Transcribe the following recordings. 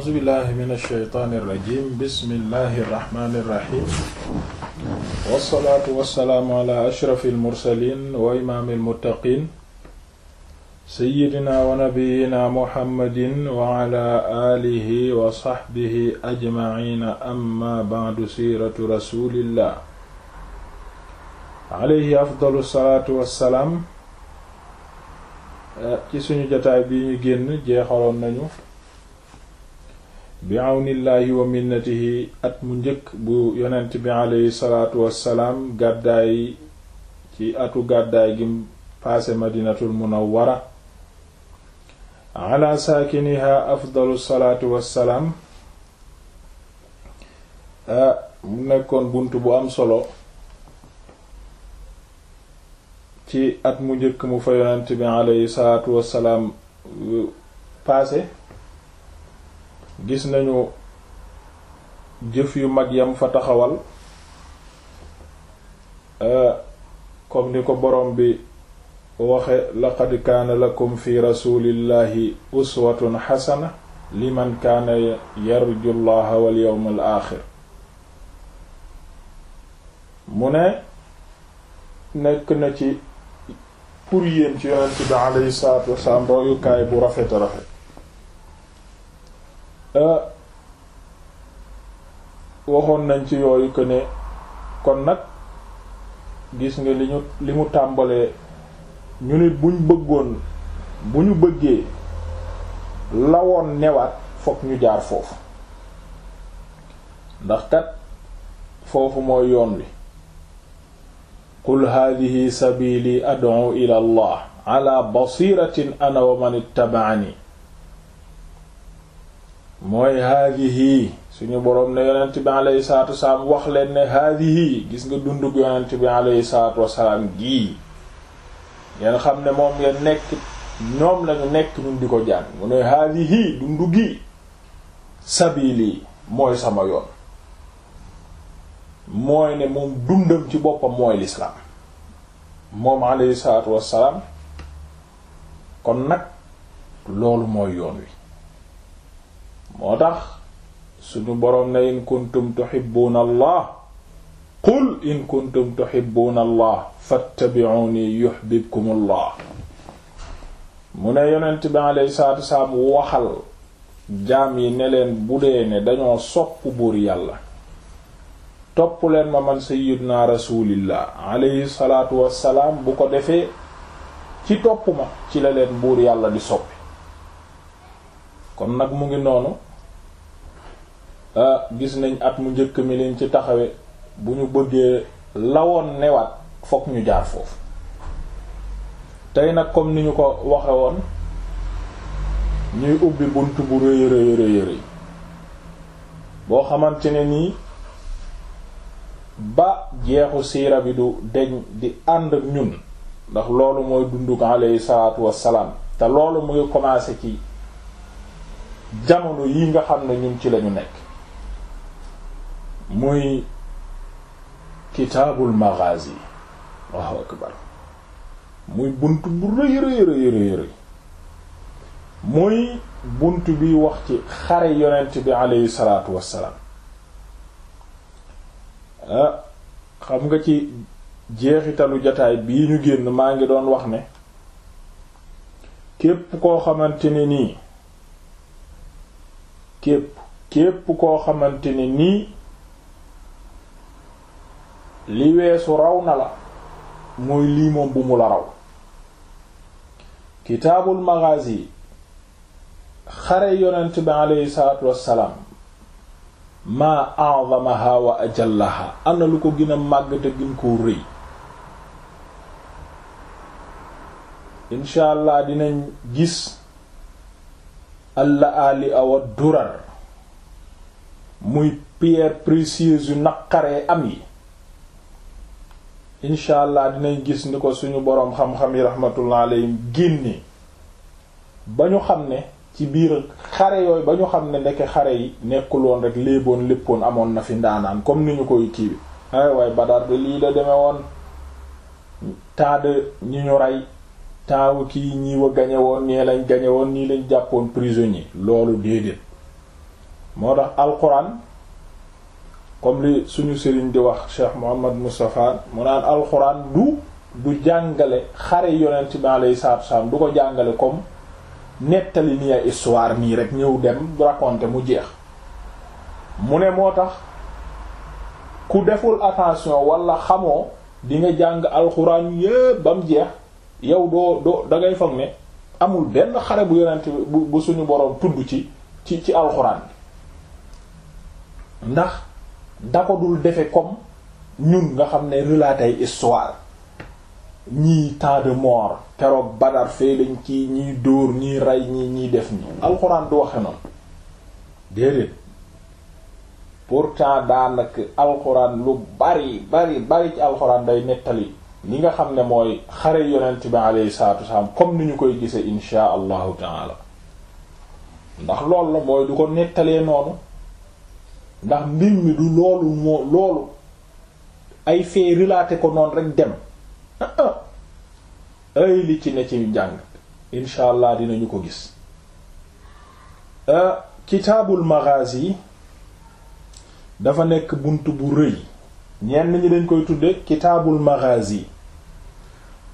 a'uuzu billaahi mina shaytaani rajiim bismillaahi rahmaani rahiim wassalaatu wassalaamu alaa ashrafil mursaliin wa imaamil muttaqiin sayyidinaa wa nabiyyinaa muhammadin wa alaa aalihi wa sahbihi ajma'iina ammaa ba'du siiratu rasuulillaah alayhi afdalu salaatu wassalaam eh, ci suñu jotaay bi ñu génn jeexaloon nañu bi àwnillaahi wa minnatihi at mu njëkk bu yonent bi aleyhi salaatu wassalaam gàddaay ci atu gàddaay gi paase madinatul munawwara ala saakiniha afdalu salaatu wassalaam mu nekkoon bunt bu am solo ci at mu njëkk mu fa yonent bi aleyhi salaatu wassalaam uh, paase gis nañu jëf yu mag yam fa taxawal euh, comme ni ko borom bi waxe laqad kaana lakum fi rasulillahi uswatun xasana liman kaana yarju llaha wal yawmal aaxir mu ne nekk na ci pour yéen ci yonent bi alayhi salaatu wasalaam royukaay bu rafet a rafet Euh, waxoon nañ ci yooyu que ne kon nag gis nga li ñu li mu tàmbalee ñu nit buñ bëggoon bu ñu bëggee lawoon newaat fokk ñu jaar foofu ndax kat foofu mooy yoon wi qul hadihi sabili ad'u ila allah ala basiratin ana mooy haadihi suñu boroom ne yonent bi alayhi salaatu wasalaam wax leen ne haadihi gis nga dundug yonent bi alayhi salaatu wasalaam gii ngeen xam ne moom ngeen nekk ñoom lañu nekk di ko jàng mu ne dundu gi sabili mooy sama yoon mooy ne moom dundam ci boppam mooy lislaam moom alayhi salaatu wasalaam kon nag loolu mooy yoon wi moo tax suñu boroom ne in kuntum tuhibbuuna allah qul in kuntum tuhibbuuna allah fattabi'uuni yuhbibkum allah mu ne yonent bi alayhi salaatu waxal jaam yi ne leen bu dee ne dañoo sopp buur yàlla topp leen ma man sayyidina rasulillah alayhi salaatu wasalaam bu ko defee ci topp ma ci la leen buur yàlla di sopp kon nag mu ngi noonu ah, gis nañ at mu njëkk mi liñ ci taxawe bu ñu bëggee lawoon newaat fokk ñu jaar foofu tey nag comme ni ñu ko waxe woon ñuy ubbi bunt bu rëy rëy rëy rëy boo xamante ne nii ba jeexu siira bi du deñ di ànd ak ñun ndax loolu mooy dunduk alayhi salaatu wassalaam te loolu mu ngi commencé ci jamono yi nga xam ne ñun ci lañu nekk muy kitaabul maghazi Allahu akbar muy bunt bu rëy rëy rëy muy bunt bi wax ci xare yonent bi aleyhi salaatu wassalaam ah, xam nga ci jeexitalu jataay bii ñu génn maa ngi doon wax ne képp koo xamante ne nii képp képp koo xamante ne nii li weesu raw na la mooy lii bu mu la raw kitaabul maghazi xare yonent bi aleyhi salaatu wassalaam ma a'zamaha wa ajallaha ana lu ko gën a màgg te gën koo rëy incha allah dinañ gis alla ali awa durar muy pierre précieuse yu naqaree am yi incha allah dinañ gis ni ko suñu boroom xam-xam yi rahmatullah alayhim génne ba ñu xam ne ci biir xare yooyu ba ñu xam ne ndeke xare yi nekkul woon rek léeboon léppoon amoon na fi ndaanaan comme ni ñu koy kii ay waay Badar de lii la deme woon taade ñi ñu rey taawu kii ñiiw a gañe woon ñee lañ gañe woon ñii lañ jàppoon prisonnier loolu déedéet moo tax alquran comme li suñu sëriñ di wax Cheikh Mohammad Moustapha mu naan alquran du du jàngale xare yonent bi alayhi salaatu wassalaam du ko jàngale comme nettali ni ay histoire nii rek ñëw dem raconter mu jeex mu ne moo tax ku deful attention walla xamoo di nga jàng alxuraan yépp ba mu jeex yow doo doo da ngay foog ne amul benn xare bu yonent bu suñu boroom tudd ci ci ci alxuraan bi ndax da ko dul defe comme ñun nga xam ne relater histoire ñii temps de mort keroog Badar fee lañ kii ñi dóor ñiy ray ñi ñiy def nii alxuraan du waxe noonu déedéet pourtant daanaka alxuraan lu bari bari bari ci alxuraan day nettali li nga xam ne mooy xare yonent bi alayhi salaatu wasalaam comme ni ñu koy gisee insha allahu taala ndax loolu la mooy du ko nettalee noonu ndax mbir mi du loolu moo loolu ay fee relaté ko noonu rek dem ah, ah. ay li ci ne ci jàng insha allah dinañu ko gis ah, kitaabul maghazi dafa nekk bunt bu rëy ñenn ñi dañ koy tudde kitaabul maghazi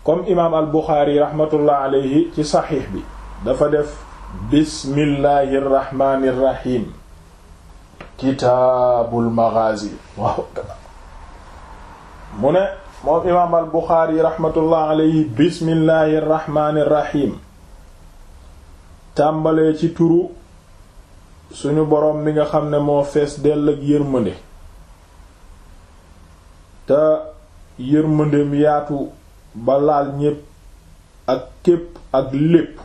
comme imaam al buxaari rahmatullah alayhi ci saxiix bi dafa def bismillahi rrahmani rrahim kitaabul maghazi waaw mu ne moom imaam al buxaari rahmatullah alayhi bismillahi rrahmani tàmbalee ci turu suñu boroom mi nga xam ne moo fees dell ak yërmande te yërmandeem yaatu ba laal ñépp ak képp ak lépp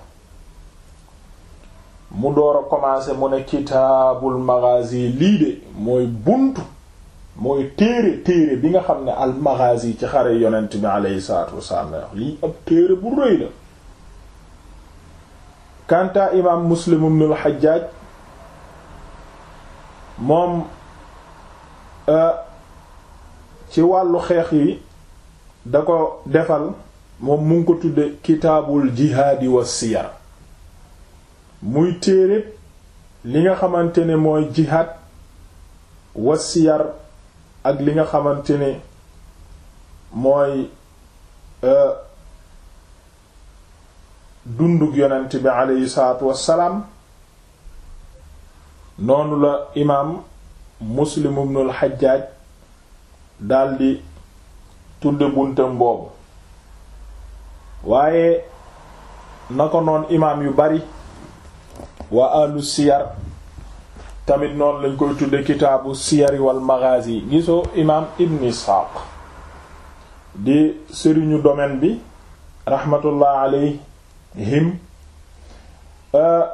mu doora a commencer mu ne kitaabul maghazi lii de mooy buntu mooy téere téere bi nga xam ne al maghazi ci xare yonent bi alayhi salaatu wasalaam lii ab téere bu rëy la kanta imaam muslim ibn al moom euh, ci wàllu xeex yi da ko defal moom mu ko tudde kitaabul jihaadi wa siyar muy téere li nga xamante ne mooy jihaad wa ak li nga xamante ne mooy euh, dundug yonant bi aleyhi salaatu wassalaam noonu la imaam muslim ibnul xajjaaj daldi tudde buntam boobu waaye na ko noon imaam yu bari waa ahlu siyar tamit noonu lañ koy tudde kitaabu siyari wal maghazi gisoo imaam ibn isxaaq di sëriñu domaine bi rahmatullah alayhim euh,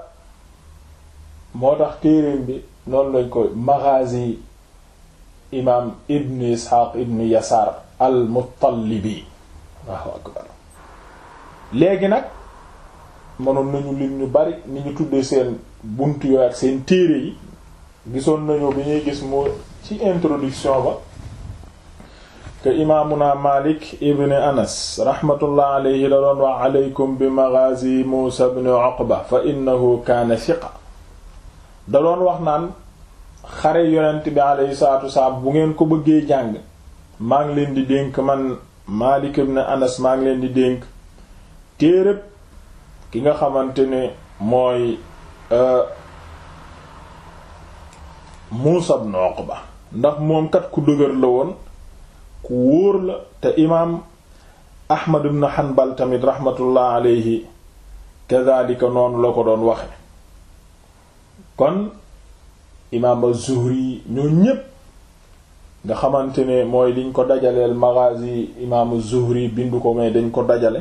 moo tax téereem bi noonu lañ koy maghazi imaam ibn isxaaq ibn yasaar al-muttalibi léegi nag mënoon nañu lim ñu bari ni ñu tuddee seen bunt yooyu ak seen téere yi gisoon nañu bi ñuy gis moo ci introduction ba te imaamuna malik ibn anas rahmatullah alayhi la doon wax aleykum bi maghazi muusa ibn uqba fa innahu kaana thiqa da doon wax naan xare yonent bi alayhi salaatu wasalaam bu ngeen ko bëggee jàng maa ngi leen di dénk man Maalik ibn Anas maa ngi leen di dénk téeréb ki nga xamante ne mooy euh, Muusa ibn ba ndax moom kat ku dëgër la woon ku wóor la te imaam Ahmad ibn Hanbal tamit rahmatullah alayhi kadhalika noonu la ko doon waxe kon imaam az-Zuhri ñoo ñépp nga xamante ne mooy liñ ko dajaleel maghazi imaam az-Zuhri bindu ko mais dañ ko dajale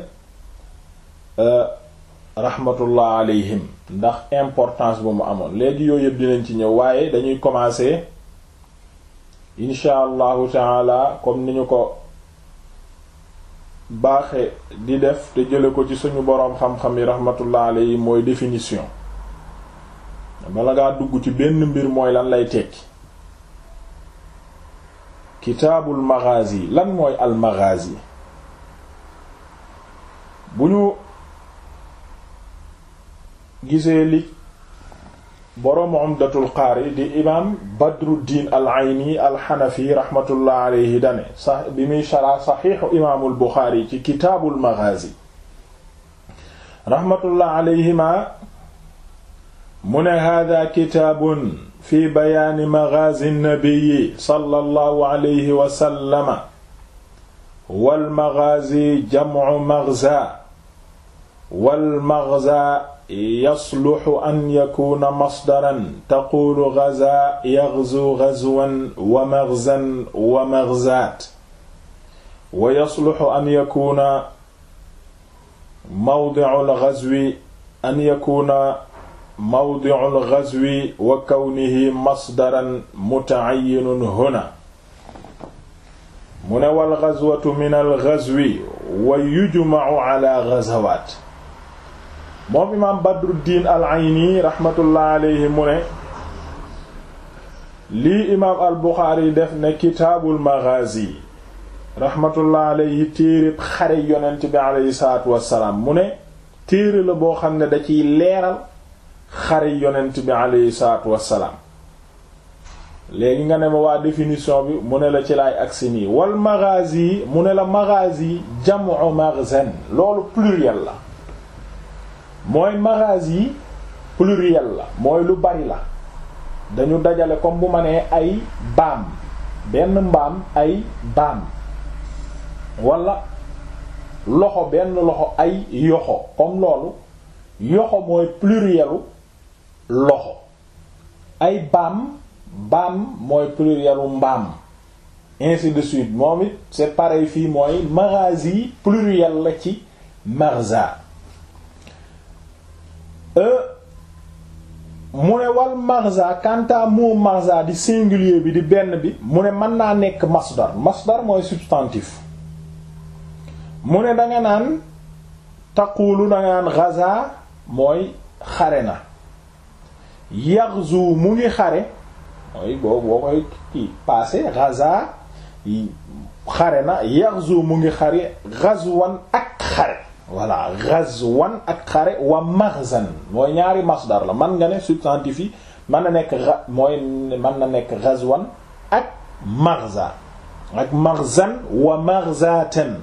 euh, rahmatullah alayhim ndax importance bu mu amoon léegi yooyu yëpp dinañ ci ñëw waaye dañuy commencer insha allahu taala comme ni ñu ko baaxe di def te jële ko ci suñu boroom xam-xam yi rahmatullah alayhi mooy définition bala ngaa dugg ci benn mbir mooy lan lay tekki kitaabul maghazi lan mooy al maghazi bu ñu gisee li boroom Umdatul Qaari di imaam Badruddin al Ayni al Hanafi rahmatullah alayhi dane bi muy shara saxiixu imaamul Buxaari ci kitaabul maghazi rahmatullah alayhima mu ne hada kitaabun fi bayaani magaazi nabiyi sallallahu alayhi wa sallama wal magaazi jamcu magza wal magza yasluxu an yakuuna masdaran taquulu gaza yagzu gazwan wa magzan wa magzaat wa yasluxu an yakuuna mawdicu lgazwi an yakuuna mawdi'ul ghazwi wa kawnihi masdaran muta'ayyinun huna mu ne wal ghazwatu min al ghazwi wa yujma'u ala ghazawaat moom imaam Badruddin al Ayni rahmatullah alayhi mu ne lii imaam al Buxaari def ne kitaabul maghazi rahmatullah alayhi téereb xare yonent bi alayhi salaatu wassalaam mu ne téere la boo xam ne da ciy leeral xare yonent bi aleyhi salaatu wassalaam léegi nga ne ma waa définition bi mu ne la ci laay agsi nii wal maghazi mu ne la maghazi jam'u maghzen loolu pluriel la mooy maghazi pluriel la mooy lu bari la dañu dajale comme bu ma nee ay baam benn mbaam ay baam wala loxo benn loxo ay yoxo comme loolu yoxo mooy plurielu loxo ay baam baam mooy pluriel u mbaam ainsi de suite moom it c'est pareil fii mooy magasi pluriel la ci magza e, mu ne wal magza kanta moo magza di singulier bi di benn bi mu ne mën naa nekk masdar masdar mooy substantif mu ne danga naan taqulu danga naan ghaza mooy xare na yaxzu mu ngi xare mooy boo boo koy kii passé xare na yaxzu mu ngi xare wan ak xare voilà wan ak xare wa maghzan mooy ñaari masdar la man nga ne substantif man na nekk mooy man na nekk ghazwan ak maghza ak maghzan wa maghzatan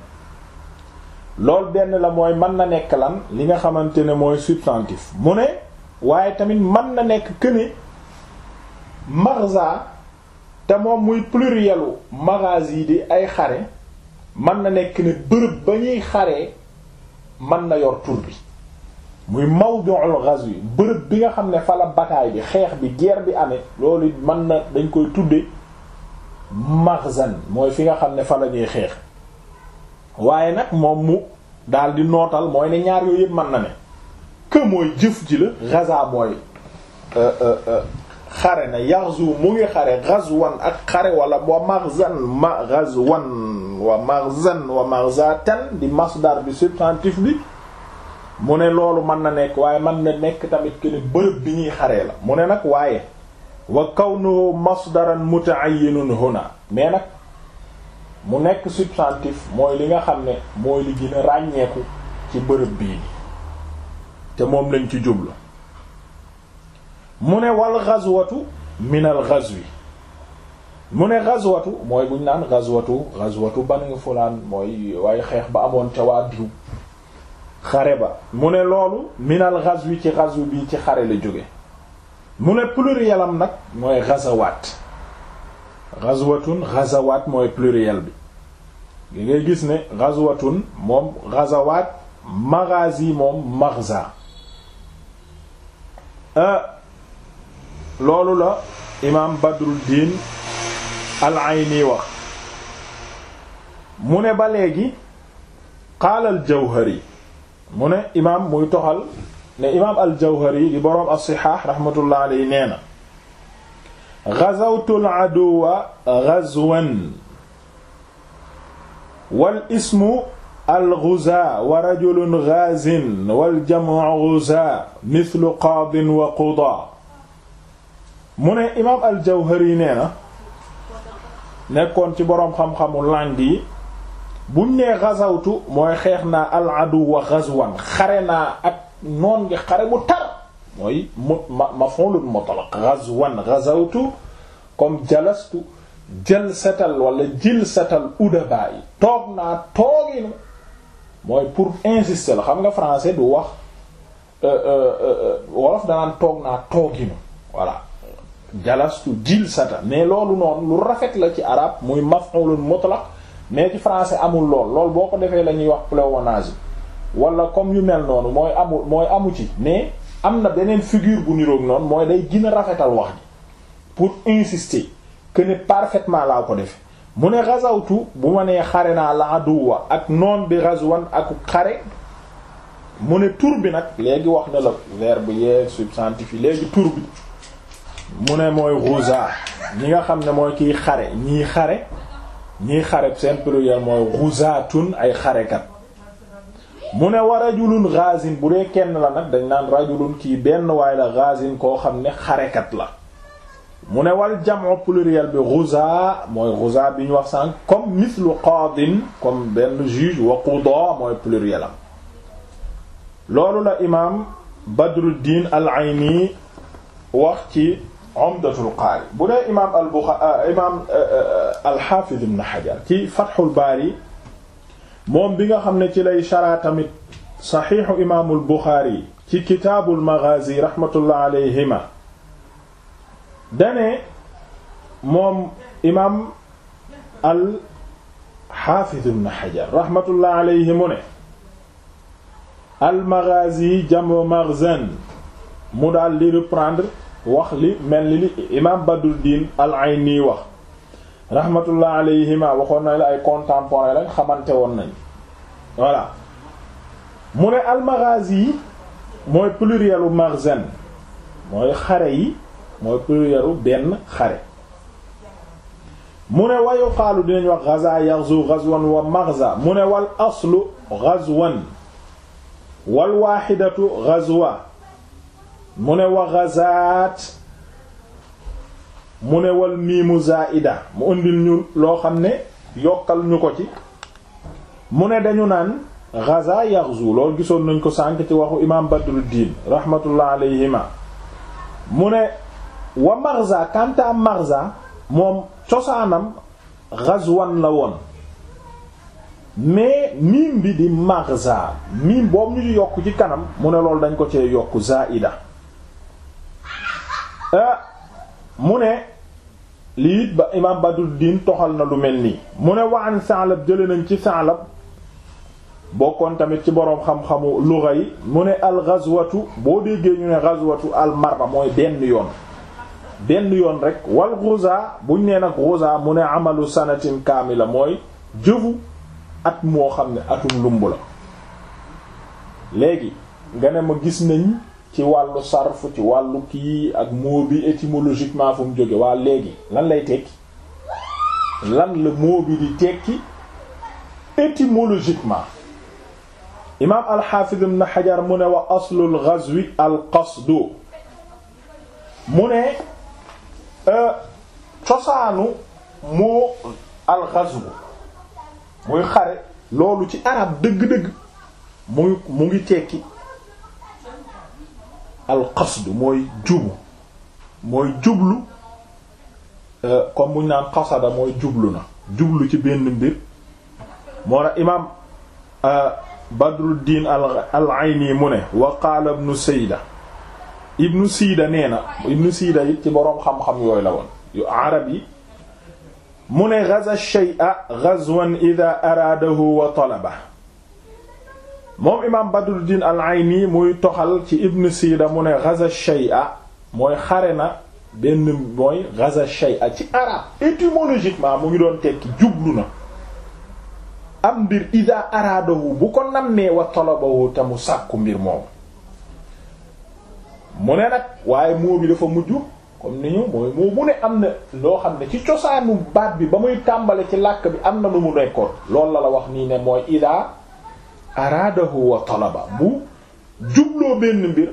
loolu benn la mooy man na nekk lan li nga xamante ne mooy substantif mu ne waaye tamit man na nekk këne marsa te moom muy plurielu magazi di ay xare mën na nekk ne bërëb ba ñuy xaree mën na yor tur bi muy mawdu'ul ghazwi bërëb bi nga xam ne fala la bataay bi xeex bi guerre bi amee loolu mën na dañ koy tudde maghzan mooy fi nga xam ne fa la ñuy xeex waaye nag moom mu daal di nootal mooy ne ñaar yooyu yëpp mën na ne que mooy jëf ji la gaza mooy euh, euh, euh, xare na yaxzu mu ngi xare wan ak xare wala wa maghzan ma ghazwan wa maghzan wa maghzatan di masdar bi substantif bi mu ne loolu mën na nekk waaye man na nekk tamit que bërëb bi ñuy xaree la mu ne nag waaye wa kaw kawnuhu masdaran muta'ayyinun huna mais nag mu nekk substantif mooy li nga xam ne mooy li gën a ràññeeku ci bërëb bii te moom lañ ci jublu mu ne wal ghazwatu minal ghazwi mu ne ghazwatu mooy buñ naan ghazwatu ghazwatu banu fulaan mooy waaye xeex ba amoon ca waa diw xare ba mu ne loolu minal ghazwi ci ghazwi bi ci xare jóge mu ne pluriel nag mooy ghazawaat ghazwatun ghazawaat mooy pluriel bi gi ngay gis ne ghazwatun moom ghazawaat maghazi moom maghza Ah, loolu la imaam Badruddin al-Ayni wax mu ne ba léegi qaala al-Jawhari mu ne imaam muy toxal ne imaam al-Jawhari di boroom as-Sihah rahmatullah alayhi nee na ghazawtu al-aduwwa ghazwan wal ismu alxuzaa wa rajulun xaazin wal jamcu xuzaa mithlu qaadin wa qudaa mu ne imaam al-Jawhari nee na nekkoon ci boroom xam-xamu làng yi buñ nee xasawtu mooy xeex naa al aduwa xaswan xare naa ak noon ngi xare bu tar mooy maf'ulun mutlaq xaswan xasawtu comme jalastu jalsatal wala jilsatal udaba yi toog naa tooginu mooy pour insister la xam nga français du wax euh, euh, euh, wolof danaan toog naa tooginu voilà jalastu jilsata mais loolu noonu lu rafet la ci arabe muy maf'ulun mutlaq mais ci français amul lool loolu boo ko defee la ñuy wax pléonasme wala comme yu mel noonu mooy amu mooy amu ci mais am na beneen figure bu niroog noonu mooy day gën rafetal wax ji pour insister que ne parfaitement laa ko defe mu ne ghazawtu bu ma nee xare naa la aduwa ak noon bi ghazwan ak xare mu ne tur bi nag léegi wax na la verbe yee substantif yi léegi tur bi mu ne mooy ghuza ñi nga xam ne mooy kiy xare ñii xare ñii xare seen pluriel mooy ghuzatun ay xarekat mu ne wa rajulun ghazin bu dee kenn la nag dañ naan rajulun kii benn waay la ghazin koo xam ne xarekat la mu ne wal jamu pluriel bi ghuza mooy ghuza bi ñu wax sànq comme mithlu qaadin comme benn juge wa qudaa mooy pluriel am loolu la imaam Badruddin al-Ayni wax ci Umdatul Qaari bu dee imaam al-Buxaari euh, imaam euh, euh, al-Haafiz ibn Hajar ci Fathul Baari moom bi nga xam ne ci lay sharaa tamit saxiixu imaamul Buxaari ci kitaabul Maghaazi rahmatullah alayhima dane moom imaam al xaafiz ibn xajar raxmatullah alayhi mu ne al maghazi jamo maghzan mu daal di reprendre wax li mel ni li imaam badruddin al ayni wax raxmatullah alayhima waxoon nañ la ay contemporain lañ xamante woon nañ voilà mu ne al maghazi mooy plurielu maghzan mooy xare yi mooy premièru benn xare mu ne wayu xaalu dinañ wax gaza yaxzu gazwan wa maghza mu ne wal aslu gazwan wal waaxidatu gazwa mu ne wa gazaat mu ne wal miimu zaida mu indil ñu loo xam ne yokkal ñu ko ci mu ne dañu naan gaza yaxzu loolu gisoon nañ ko sànk ci waxu imaam badruddin rahmatullah alayhima mu ne wa Marza kanta Marza moom cosaanam Ghazwan la woon mais miim bi di Marza miim boobu ñu yokk ci kanam mu ne loolu dañ ko cee yokk zaida euh, mu ne lii it ba imaam Badruddin toxal na lu mel nii mu ne waan Sa'lab jële nañ ci Sa'lab bokkoon tamit ci boroom xam-xamu luga yi mu ne al ghazwatu boo déggee ñu ne ghazwatu al marra mooy benn yoon benn yoon rek wal ghuza buñ nee nag ghuza mu ne amalu sanatin kaamila mooy jëfu at moo xam ne atum lumb la léegi nga ne ma gis nañ ci wàllu sarf ci wàllu kii ak mot bi étymologiquement fu jóge waa léegi lan lay tekki lan la mot bi di tekki étymologiquement imaam alxaafid ibn xajar mu ne wa aslul ghazwi al qasdu mu ne Euh, cosaanu moo alxaswu muy xare loolu ci arab dëgg-dëgg mu mu ngi tekki alxasdu mooy jubu mooy jublu euh, comme buñ naan xasada mooy jublu na jublu ci benn mbir moo na imaam euh, diin al ayni mu ne wa qaala ibnu sayda ibnu siida nee na ibnu siida ci boroom xam-xam yooyu la woon yu arab yi mu ne gaza shay'a ghazwan idha araadahu wa talaba moom imaam badruddin al ayni muy toxal ci ibnu siida mu ne gaza shay'a mooy xare na benn mooy gaza shay'a ci arab étymologiquement mu ngi doon tekki jublu na am mbir ida araadahu bu ko nammee wa talabahu te mu sàkku mbir moomu mu ne nag waaye moo bi dafa mujj comme ni ñu mooy moo mu ne am na loo xam ne ci cosaanu baat bi ba muy tàmbali ci làkk bi am na lu mu nekkoon loolu la la wax nii ne mooy ida araadahu wa talaba bu jubloo benn mbir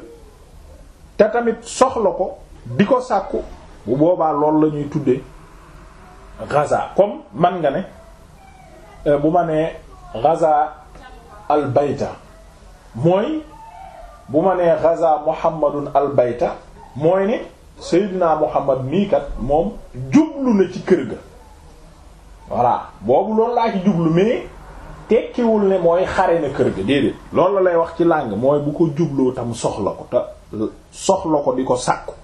te tamit soxla ko di ko sàkku bu boobaa loolu la ñuy tuddee gaza comme man nga ne euh, bu ma nee gaza al mooy bu ma nee gaza muhammadun albayta mooy ne seydinaa muhammad mii kat moom jublu na ci kër ga voilà boobu loolu laa ci jublu mais tekkiwul ne mooy xare na kër ga déedéet loolu la lay wax ci làng mooy bu ko jubloo tam soxla ko te soxla ko di ko sàkku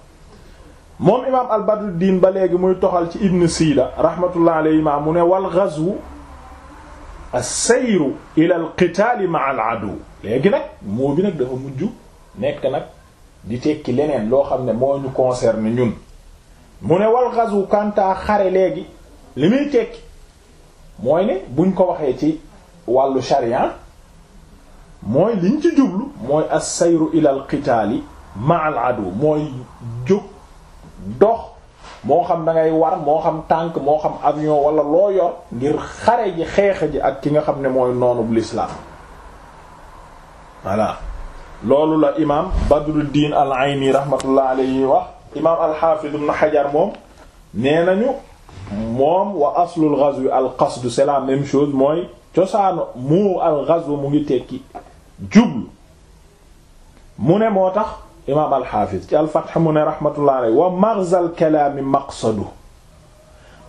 moom imaam al badruddin ba léegi muy toxal ci ibn sida rahmatullah alayhi ma mu ne wal ghazwu as-sayru ila al-qitaali ma'a al-aduw léegi nag moo bi nag dafa mujj nekk nag di tekki leneen loo xam ne moo ñu concerne ñun mu ne wal ghazwu kanta xare léegi li muy tekki mooy ne buñ ko waxee ci wàllu sharia mooy liñ ci jublu mooy as-sayru ila al-qitaali ma'a al-aduw mooy jóg dox moo xam dangay war moo xam tànk moo xam avion wala loo yor ngir xare ji xeexe ji ak ki nga xam ne mooy noonu noonub lislaam voilà loolu la imaam Badruddin al-Ayni rahmatullah alayhi wax imaam al-Hafiz ibn moom nee nañu moom wa aslul ghazwi al-qasd c'est la même mooy cosaanu mu al-ghazw mu ngi tekki jublu mu ne moo tax imaam alxaafis ci alfath mu ne rahmatullah aley wa marzal kalaami maqsadu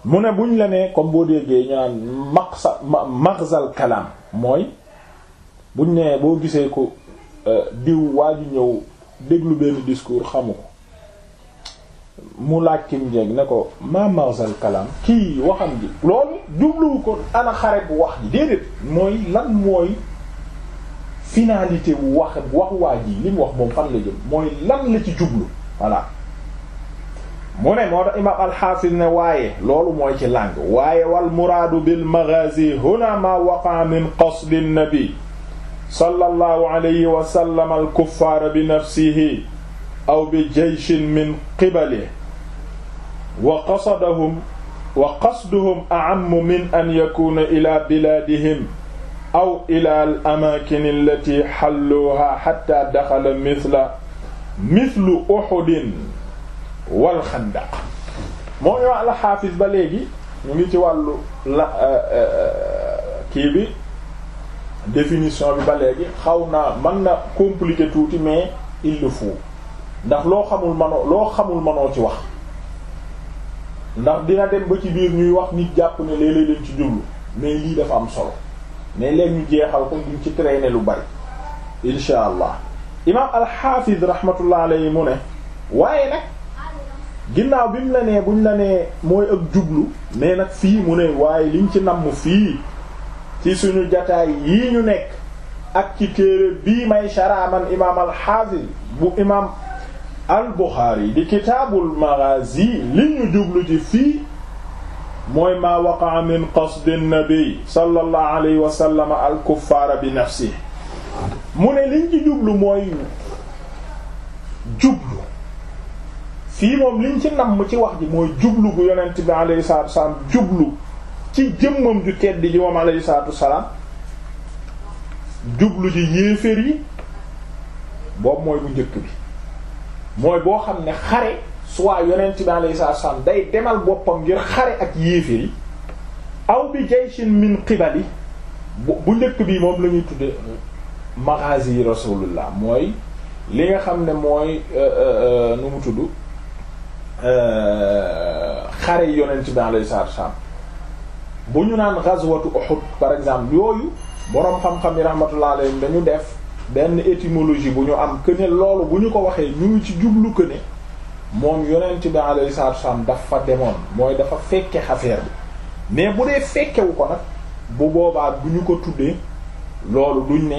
mu ne buñ la nee comme boo déggee ñu naan maqsad marzal kalaam mooy buñ nee boo gisee ko euh, diw waa ñëw déglu benn discours xamu ko mu laaj kim jeeg ne ko ma marzal kalaam kii waxam ji loolu jubluwu ko ana bu wax ji déedéet mooy lan mooy finalité wu wax wax waa ji li mu wax moom fan la jëm mooy lan la ci jublu voilà mu ne moo tax imaam alxaafis ne waaye loolu mooy ci làng waaye wal muraadu bil maghazi huna ma waqa min qasdi nabi sallallahu alayhi wa sallam al kuffaara bi nafsihi aw bi jayshin min qibalihi wa qasadahum wa qasduhum a'ammu min an yakuna ila bilaadihim aw ila al amaakin allati xalluha xatta daxala misla mislu uhudin wal xandaq moom imaam alxaafis ba léegi ñu ngi ci wàllu la euh, euh, kii bi définition bi ba léegi xaw naa mën na compliquer tuuti mais il le faut ndax loo xamul manoo loo xamul manoo ci wax ndax dina dem ba ci biir ñuy wax nit jàpp ne léeg ci jublu mais lii dafa am solo mais léegi ñu jeexal ko duñ ci traîner lu bari insha allah imaam alxaafiz rahmatullah alayhi mu ne waaye nag ginnaaw bi mu la nee buñ la nee mooy ak jublu mais nag fii mu ne waaye liñ ci namm fii ci suñu jataay yi ñu nekk ak ci téere bii may sharaaman imaam alxaafiz bu imaam al buxaari di kitaabul maghazi li ñu jublu ci fii mooy maa waqaa min qasdi nabi sallallahu alayhi wa sallam bi nafsi mu ne liñ ci jublu mooy jublu fii moom liñ ci namm ci wax ji mooy jublu gu yonent bi alayhi salaatu jublu ci jëmmam ju tedd ji moom alayhi salaatu jublu ji yéeféer yi boobu mooy bu njëkk bi mooy boo xam ne xare soit yonent bi alayhi salaatu salaam day demal boppam ngir xare ak yéeféer yi aw bi jayshin min qibali bu njëkk bi moom la ñuy tudde maghazi mooy li nga xam ne mooy euh, euh, euh, nu mu tudd xare yi yonent bi alayhi salaatu salaam bu ñu naan ghazwatu Uhud par exemple yooyu boroom xam-xam yi rahmatullah alayhim dañu def benn étimologie bu ñu am que ne loolu bu ñu ko waxee ñu ngi ci jublu que moom yonent bi alayhi salaatu wasallam dafa demoon mooy dafa fekke affaire bi mais bu dee fekkewu ko nag bu boobaa du ñu ko tuddee loolu duñ ne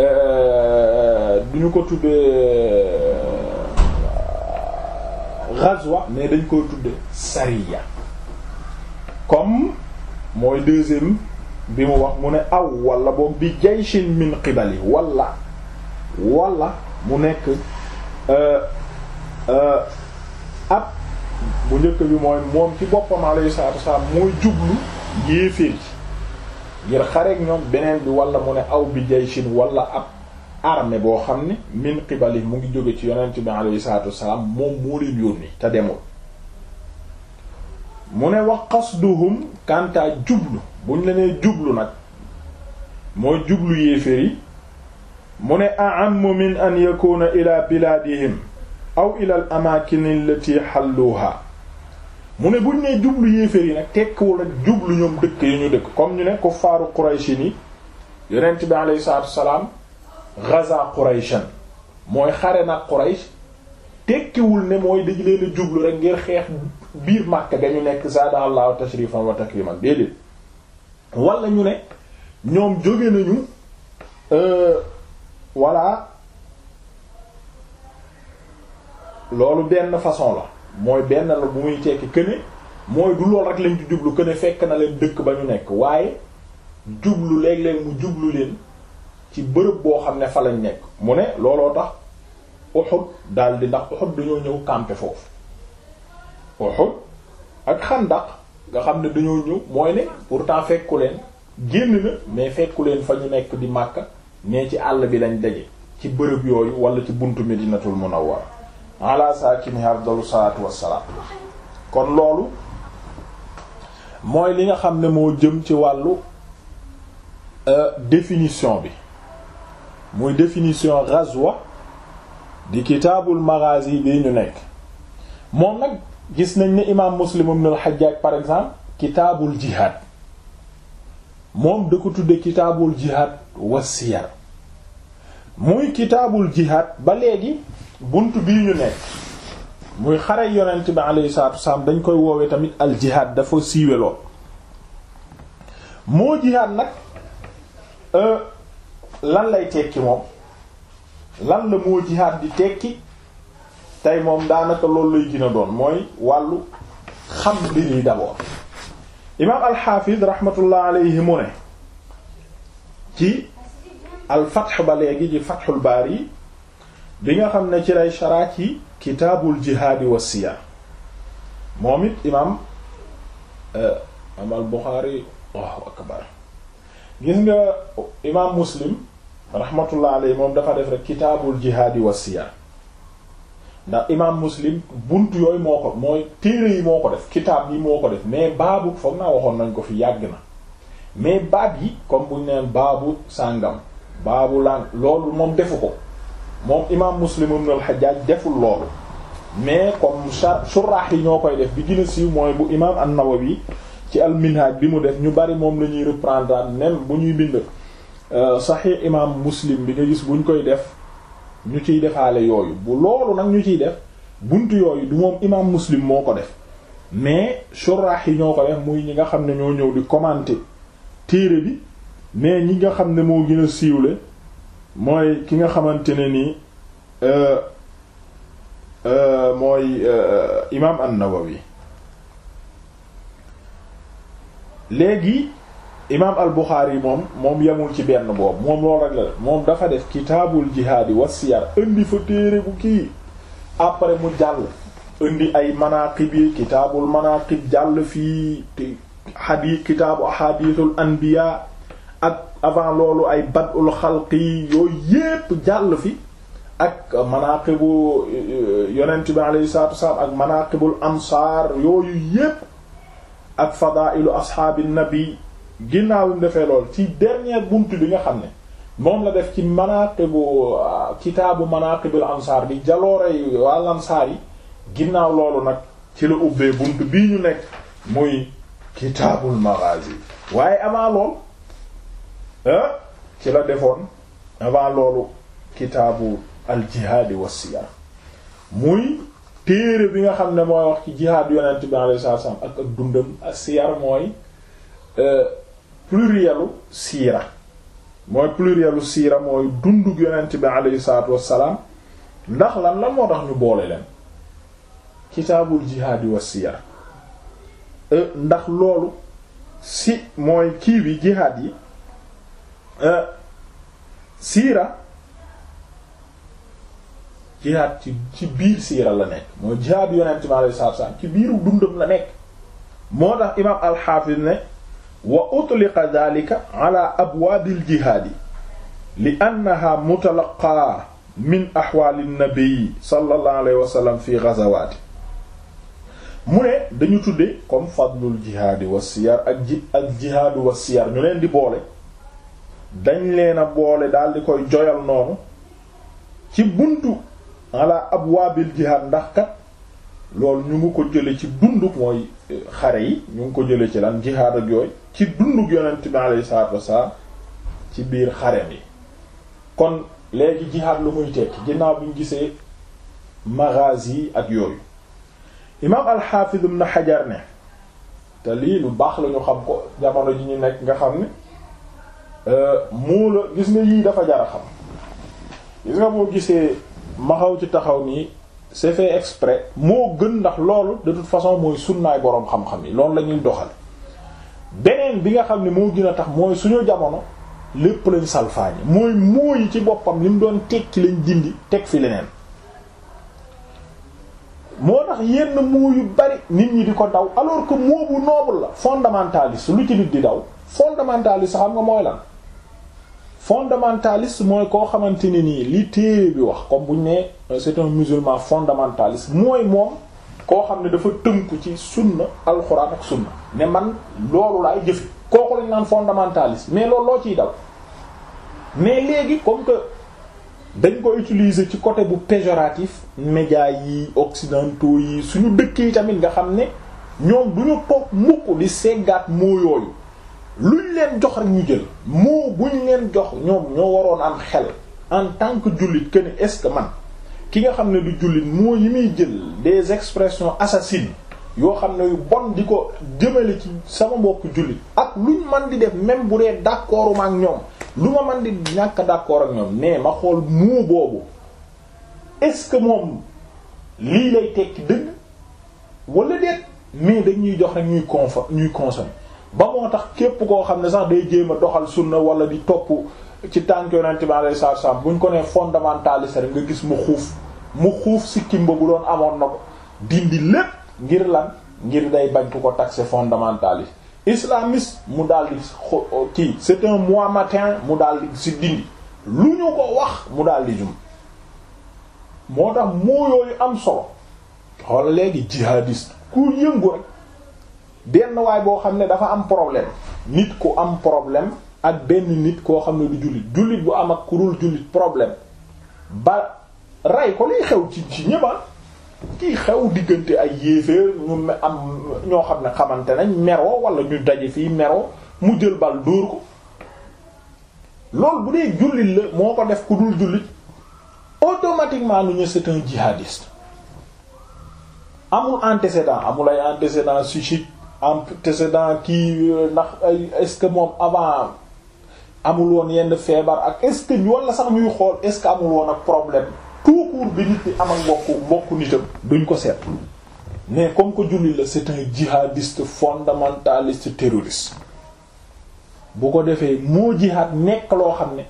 euh, du ñu ko tuddee euh, ghazwa mais dañ koy tuddee sariya comme mooy deuxième bi mu wax mu ne aw walla boobu bi jayshin min qibali walla wala mu nekk euh, Euh, ab bu njëkk bi mooy moom ci boppam alayhi salaatu wasalaam mooy jublu yéeféer ci ngir xareek ñoom beneen bi walla mu ne aw bi jayshin wala ab armée boo xam ne min qibali mu ngi jóge ci yonent bi alayhi salaatu wasalaam moom moo leen yónni te demul mu ne wax qasduhum kantaa jublu buñ la nee jublu nag mooy jublu yéeféer yi mu ne a'ammu min an yakuna ila aw ilal amaakin allati xalluha mu ne buñ nee jublu yéeféer yi nag tekkiwul ak jublu ñoom dëkk yi ñu dëkk comme ñu ne ko faaru quraychin yi yonent bi alayhi salaatu wasalaam gaza quraychan mooy xare nag quraysh tekkiwul ne mooy dañ leen a jublu rek ngir xeex biir Makka dañu nekk zaada allahu tashrifan wa takriman déedéet wala ñu ne ñoom jóge nañu euh, voilà loolu benn façon la mooy benn la bu muy tekki këne mooy du lool rek lañ ci jublu këne fekk na leen dëkk ba ñu nekk waaye jublu léeg-léeg mu jublu leen ci bërëb boo xam ne fa lañ nekk mu ne looloo tax Uhud daldi ndax Uhud dañoo ñëw camper foofu Uhud ak Xandaq nga xam ne dañoo ñëw mooy ne pourtant fekku leen génn na mais fekku leen fa ñu nekk di Makka ne ci àll bi lañ daje ci bërëb yooyu wala ci bunt mën a Munawwara ala saakini afdalu salaatu wassalaam kon loolu mooy li nga xam ne moo jëm ci wàllu euh, définition bi muy définition ghazwa di kitaabul maghazi bi ñu nekk moom nag gis nañ ni imaam muslim ibn al-hajjaj par exemple kitaabul jihad moom da ko tudde kitaabul jihad wa siyar muy kitaabul jihad ba léegi bunt bii ñu nekk muy xare yonent bi alayhi salaatu wasalaam dañ koy woowee tamit al jihad dafa siiwe lool moo jihad nag euh, lan lay tekki moom lan la moo jihad di tekki tey moom daanaka loolu lay gën doon mooy wàllu xam bi nii d'abord imaam alxaafiz rahmatullah alayhi mu ne ci al fath ba léegi ci fathul baari bi nga xam ne ci lay sharaa ci kitaabul jihaadi wa siyar moom it imaam eh, amal Buxaari waaw akbar gis nga imaam Muslim rahmatullah alayhi moom dafa def rek kitaabul jihaadi wa siyar ndax imaam Muslim bunt yooyu moo ko mooy téere yi moo ko def kitaab yi moo ko def mais baabu foog naa waxoon nañ ko fi yàgg na mais baab yi comme buñ neen baabu sàngam baabu lan loolu moom defu ko moom imaam Muslim ibn al-Hajjaj deful loolu mais comme surah yi ñoo koy def bi gën a siiw mooy bu imaam an-Nawawi ci al bi mu def ñu bari moom la ñuy reprendre même bu ñuy bind euh, Sahih imaam Muslim bi nga gis buñ koy def ñu ciy defaale yooyu bu loolu nag ñu ciy def buntu yooyu du moom imaam Muslim moo ko def mais surah yi ñoo ko def muy ñi nga xam ne ñoo ñëw di commenter téere bi mais ñi nga xam ne moo gën a siiwle mooy ki nga xamante ne ni euh, euh, mooy euh, imaam an-Nawawi léegi imaam al-Bukhari moom moom yamul ci benn boobu moom loolu rek la moom dafa def kitaabul jihaadi wa siyar indi fa téere bu kii après mu jàll indi ay manaqib yi kitaabul manaqib jàll fii te xadis kitaabu ahadiisul ak avant loolu ay badul xalqi yooyu yépp jàll fi ak manaaqibu euh, yonent bi alayhi salaatu wasalaam ak manaaqibul ansaar yooyu yépp ak fadailu ashaabi nabi ginnaaw defee lool ci dernière buntu bi nga xam ne moom la def ci manaaqibu euh, kitaabu manaaqibil ansaar bi jaloorey wal ansaar yi ginnaaw loolu nag ci la ubbee buntu bii ñu nekk muy kitaabul maghazi waaye avant lool ci la defoon avant loolu kitaabu al wa siyar muy téere bi nga xam ne mooy wax ci jihaad yonent bi alayhi salaam ak ak dundam ak siyar mooy euh, plurielu siira mooy plurielu siira mooy dundug yonent bi alayhi salaatu wassalaam ndax lan lan moo tax ñu boole leen kitaabul jihaadi wa siyar euh, ndax loolu si mooy kii bi jihaad yi Euh, siira jihaad ci ci biir siira la nekk mooy jihaad yonent mi alayhi ci biiru dundam la nekk moo tax imaam alxaafis ne wa utliqa daalika ala abwaabil jihaadi li annaha mutalaqa min axwaali nabii sallallahu alayhi wa sallam fi ñu leen di boole dañ leen a boole daal di koy joyal noonu ci buntu ala abwaabil jihaad ndax kat loolu ñu ngi ko jële ci dunduk mooy eh, xare yi ñu ngi ko jële ci lan jihaad ak yooyu ci dunduk yonent bi alayhi salaatu wasalaam ci biir xare yi kon léegi jihaad lu muy tekki ginnaaw bi ñu gisee maghazi ak yooyu imaam al-Hafiz ibn ne te lii lu baax la ñu xam ko jamono ji ñu nekk nga xam ni Euh, moo la gis nga yii dafa jar xam gis nga boo gisee maxaw ci taxaw nii c'est fait exprès moo gën ndax loolu de toute façon mooy sunnaay boroom xam-xam yi loolu lañuy ñuy doxal beneen bi nga xam ne moo gin a tax mooy suñu jamono lépp lañ salfaañi mooy mooy ci boppam li mu doon tekki lañ dindi teg fi leneen moo tax yenn moo yu bari nit ñi di ko daw alors que moo bu noble la fondamentaliste lu ci nit di daw fondamentaliste xam nga mooy lan fondamentaliste mooy koo xamante ne nii lii téere bi wax comme bu ñu nee euh, c'est un musulman fondamentaliste mooy moom koo xam ne dafa tënku ci sunna alxuraan ak sunna ne man loolu laay jëfe kooku lañ naan fondamentaliste mais loolu loo ciy daw mais léegi comme que dañ ko utiliser ci côté bu péjoratif médias yi occidentaux yi suñu dëkk yi tamit nga xam ne ñoom du ñu toog mukk di seggaat moo yooyu luñ leen jox rek ñu jël moo ñu leen jox ñoom ñoo waroon am xel en tant que jullit que ne est man ki nga xam ne du jullit moo yi muy jël des expressions assassines yoo xam ne yu bon di ko jëmale ci sama mbokku jullit ak luñ man di def même bu dee d'accordu ma ak ñoom lu ma man di ñàkk d'accord ak ñoom mais ma xool moo boobu est-ce que moom lii lay tekki dëgg wala déet mais dañuy jox rek ñuy confa ñuy consommer ba moo tax képp koo xam ne sax day jéem a doxal sunna wala di topp ci tànk yonent bi alayhi salaatu wasallam bu ñu ko nee fondamentaliste rek nga gis mu xuuf mu xuuf si kimba bu doon amoon na ko dindi lépp ngir lan ngir day bañ ku ko taxé fondamentaliste islamiste mu daal di kii c'est un mois matin mu daal di si dindi lu ñu ko wax mu daal di jum moo tax moo am solo wala léegi jihadiste ku yëngu rek benn waay boo xam ne dafa am problème nit ku am problème ak benn nit koo xam ne du jullit jullit bu am ak ku dul jullit problème ba rey ko liy xew ci ci ñëma ah. kii xew diggante ay yéeféer ñu am ñoo xam ne xamante nañ mero wala ñu daje fii meroo mu jël bal dóor ko loolu bu dee jullit la moo ko def ku dul jullit automatiquement nu ñu c'est un jihadiste amul antécédent amul ay antécédent psychique antécédent kii euh, ndax ay est moom avant amul woon yenn feebar ak est-ce que wala sax ñuy xool est-ce que amul woon ak problème tout court bi nit ñi am ak mbokku mbokku nitam duñ ko seet mais comme que julli la c'est un jihadiste fondamentaliste terroriste bu ko defee moo jihaad nekk loo xam ne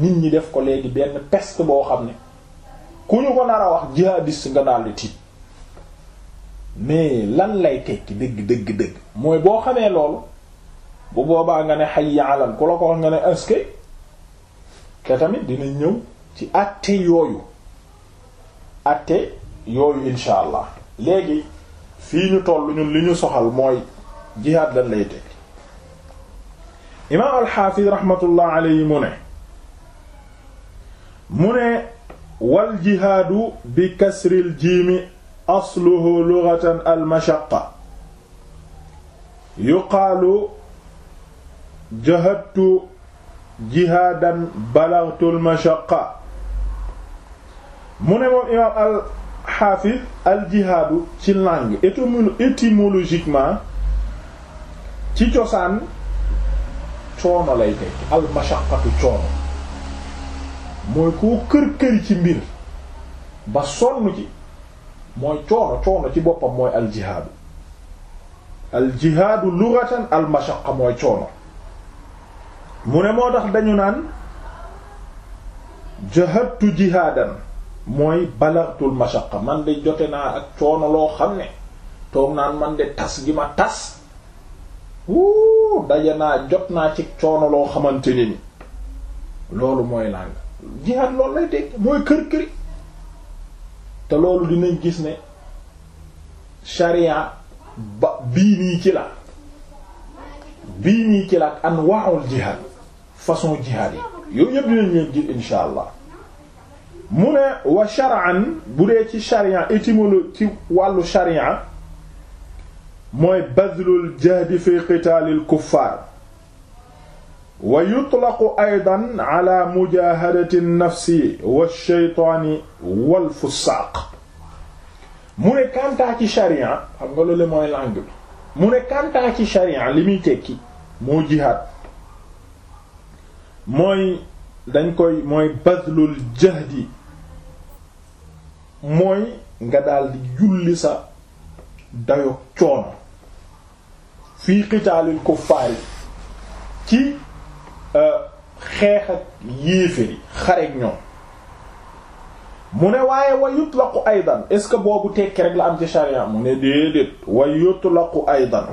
nit ñi def ko léegi benn peste boo xam ne ku ñu ko nar a wax jihadiste nga daal di tiit mais lan lay tekki dëgg dëgg dëgg mooy boo xamee lool bu boobaa nga ne hayya alal ku la ko wax nga ne askay te tamit dina ñëw ci àtte yooyu àtte yooyu insha allah léegi fii ñu tollu ñun li ñu soxal mooy jihaad lan lay tekki imaam alxaafiz raxmatullah alayhi mu ne mu ne wal jihaadu bi kasril jiimi asluhu lughatan al mashaqqa yuqaalu jahadtu jihaadan balagtu al mu ne moom imaam al xaafis al jihaadu ci langue étymologiquement ci cosaan coono lay tekki al mashaqatu coono mooy koo kër këri ci mbir ba sonn ci mooy coono coono ci boppam mooy aljihaadu aljihaadu lughatan almashaqa mooy coono mu ne moo tax dañu naan jahadtu jihaadan mooy balagtul mashaqa man de jote naa ak coono loo xam ne toog naan man de tas gi ma tas wuu daje naa jot naa ci coono loo xamante ni loolu mooy làng jihaad loolu lay teg mooy kër këri te loolu dinañ gis ne sharia ba bii nii ci la bii nii ci la ak anwaa'ul jihaad façon jihaad yi yooyu yëpp dinañ leen gis insha allah mu ne wa shar'an bu dee ci sharia étymologie ci wàllu sharia mooy badlul jahdi fi qitaalil kuffaar wa yutlaqu aydan ala mujahadati nafsi wa shaytaani wal fusaaq mu ne mu ne kantaa ci sharia li muy tekki moo jihaad mooy dañ koy mooy badlul jahdi mooy nga daal di julli sa dayo coono fii qitaalil kuffaari ci xeex ak yéeféri xareeg ñoom mu ne waaye wa yutlaqu aydan est ce que boobu tekki rek la am ci sharia mu ne déedéet wa yutlaqu aydan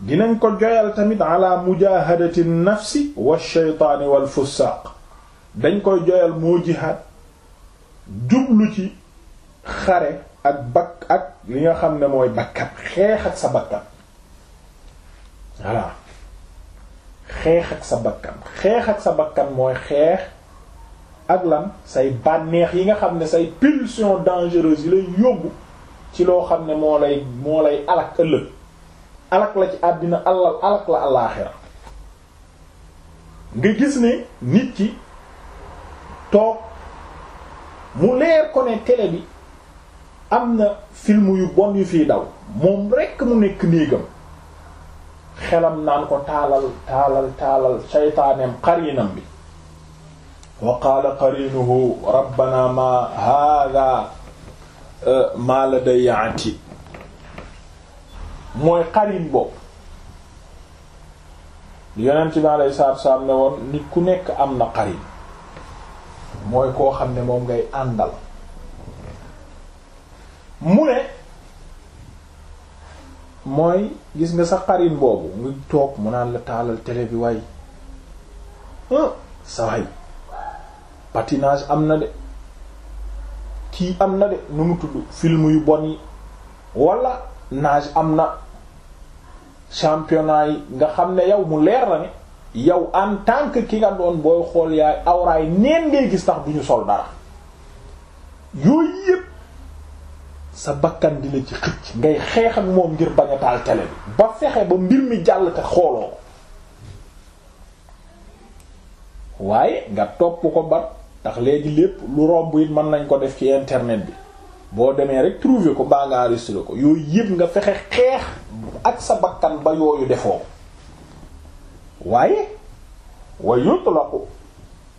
dinañ ko joyal tamit ala mujahadati nafsi wa shaytaani wal fussaq dañ koy joyal moo jihaad jublu ci xare ak bakk ak li nga xam ne mooy bakkat xeex ak sa bakkat voilà xeex ak sa bakkan xeex ak sa bakkan mooy xeex ak lan say bànneex yi nga xam ne say pulsion dangereuse yi lay yóbbu ci loo xam ne moo lay moo lay alak ëllëg alak la ci àddina alal alak la alaaxira nga gis ne nit ci toog mu leer ko ne télé bi am na film yu bon yu fiy daw moom rekk mu nekk néegam xelam naan ko taalal taalal taalal shaytaaneem qarinam bi wa qaala qarinuhu rabbana ma hada ma ladayya atid mooy qarin bopp yonent bi alayhi salaatu salaam ne woon nit ku nekk am na qarin mooy koo xam ne moom ngay àndal mu ne mooy gis nga sa xarin boobu nga toog mu naan la taalal télé bi waay sa waay patinage am na de kii am na de nu mu tudd film yu bon yi wala nage am na championnat yi nga xam ne yow mu leer la ne yow en tant ki nga doon booy xool yaay awraay neen ngay gis tax du ñu sol dara yooyu yépp sa bakkan di la ci xëcc ngay xeex moom ngir bañ a tele bi ba fexe ba mbir mi jàll te xooloo ko waaye nga topp ko ba ndax léegi lépp lu romb it mën nañ ko def ci internet bi boo demee rek trouver ko baa nga enregistré ko yooyu yëpp nga fexe xeex ak sa bakkan ba yooyu defoo waaye wa yutlaqu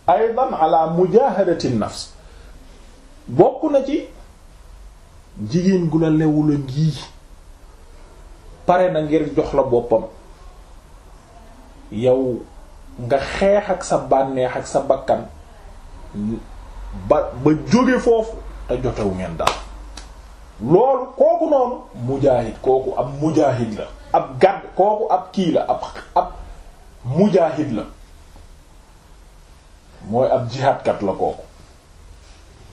aidan ala mujahadati nafs bokk na ci jigéen gu la lewula ngii pare na ngir jox la boppam yow nga xeex ak sa bànneex ak sa bakkan ba ba jóge foofu te jotewu ngeen daal loolu kooku noonu mujaahid kooku ab mujaahid la ab gàdd kooku ab kii la ab ab mujaahid la mooy ab jihaadkat la kooku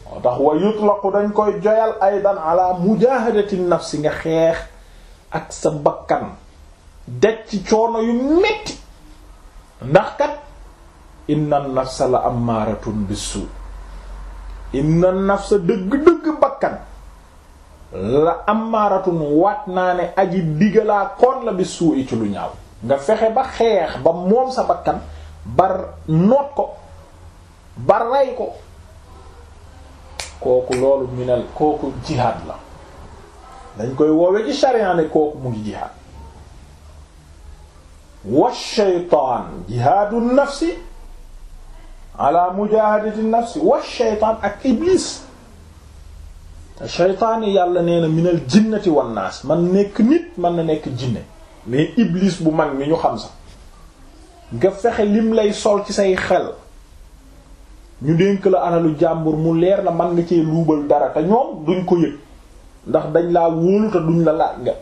moo tax wa yutlaqu dañ koy joyal aydan ala mujahadati nafsi nga xeex ak sa bakkan daj ci coono yu metti ndax kat inna nafsa la amaaratun bisu inna nafsa dëgg-dëgg bakkan la amaaratun waat naa ne aji digalaa koon la bisu i ci lu ñaaw nga fexe ba xeex ba moom sa bakkan bar noot ko ba rey ko kooku loolu minal kooku jihaad la dañ koy woowe ci sharia kooku mu ngi jihaad wa shaytaan jihaadu nafsi ala mujaahadati nafsi wa shaytaan ak iblis te yàlla nee na minal jinnati wan naas man nekk nit mën na nekk jinne mais iblis bu mag mi ñu xam sax nga fexe lim lay sol ci say xel ñu dénk la alalu jàmbur mu leer la man nga cee luubal dara te ñoom duñ ko yëg ndax dañ laa wóolu duñ la laaj nga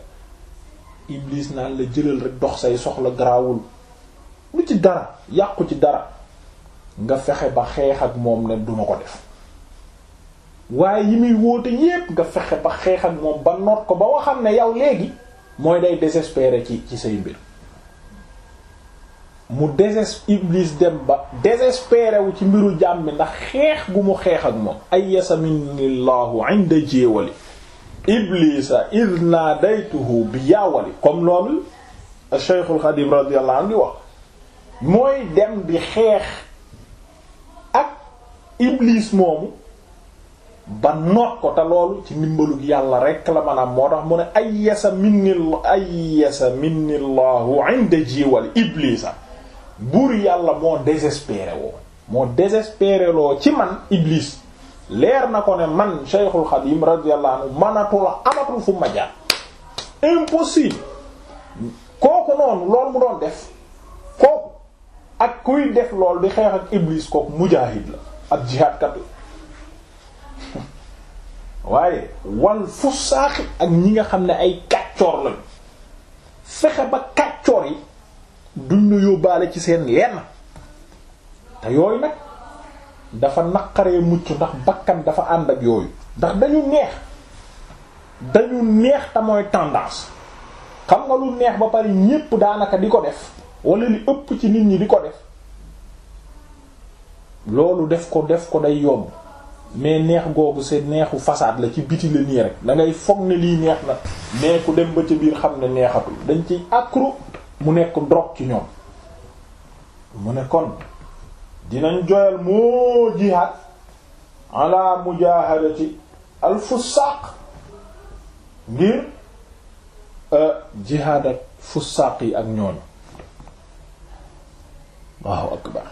iblis naan la jëlal rek dox say soxla garaawul lu ci dara yàqu ci dara nga fexe ba xeex ak moom ne duma ko def waaye yi muy wóote yépp nga fexe ba xeex ak moom ba noot ko ba waxam ne yow léegi mooy day désespéré ci ci say mbir mu déses iblis dem ba désespéré wu ci mbiru jàmm bi ndax xeex gu mu xeex ak moom ay yasaminillahu inda jéewali id naadaytuhu bi yaawali comme loolu Cheikhul Xadim radiyallahu anhu di wax mooy dem di xeex ak iblis moomu ba noot ko te loolu ci ndimbalug yàlla rek la maanaam moo tax mu ne ay minni ay minni llahu inda buur yàlla moo désespéré woo moo désespéré loo ci man Iblis leer na ko ne man Cheikhul Khadim radiyallahu anhu manatula amatul fu ma impossible kooku noonu loolu mu doon def kooku ak kuy def lool di xeex ak Iblis kooku mujaahid la ab jihaadkat waaye wan fu saaxi ak ñi nga xam ne ay kàccoor lañu fexe ba kàccoor yi duñ la yóbbaale ci seen lenn te yooyu nag dafa naqaree mucc ndax bakkan dafa ànd ak yooyu ndax dañu neex dañu neex tamooy mooy tendance xam nga lu neex ba pare ñépp daanaka di ko def walla li ëpp ci nit ñi di ko def loolu def ko def ko day yomb mais neex googu c'est neexu façade la ci biti la nii rek da ngay foog ne lii neex na mais ku dem ba ca biir xam ne neexatul dañ ci accro mu nekk ndrog ci ñoom mu ne kon dinañ joyal moo jihaad ala mujahadati al fusaq ngir euh, jihaad ak fusaq yi ak ñooñu waaw akbar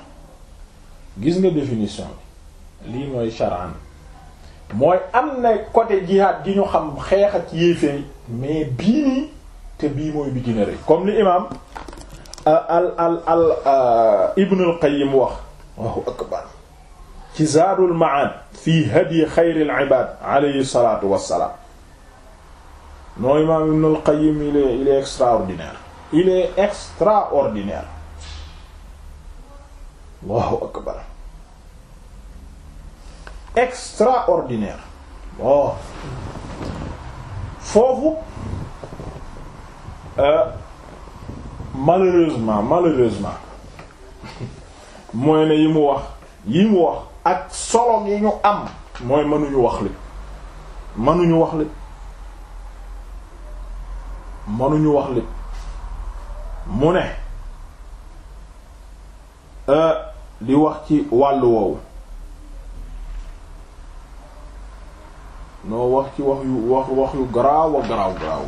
gis nga définition bi lii mooy charan mooy am na côté jihaad gi ñu xam xeex ak yéefee mais bii nii te bii mooy bi gën rek comme li imaam Euh, al al al euh, Ibnul Qayyim wax Allahu akbar ci Zaadul Ma'aad fii hadyi xayril ibaad alayhi salaatu wa salaam non imaam Ibnul Qayyim il est il est extraordinaire il est extraordinaire Allahu akbar extraordinaire bon foofu. Euh, malheureusement malheureusement mooy ne yi mu wax yi mu wax ak solo yi ñu am mooy mënuñu wax li mënuñu wax li mënuñu wax li mu ne euh, di wax ci wàll woowu noo wax ci wax yu wax wax yu garaaw a garaaw garaaw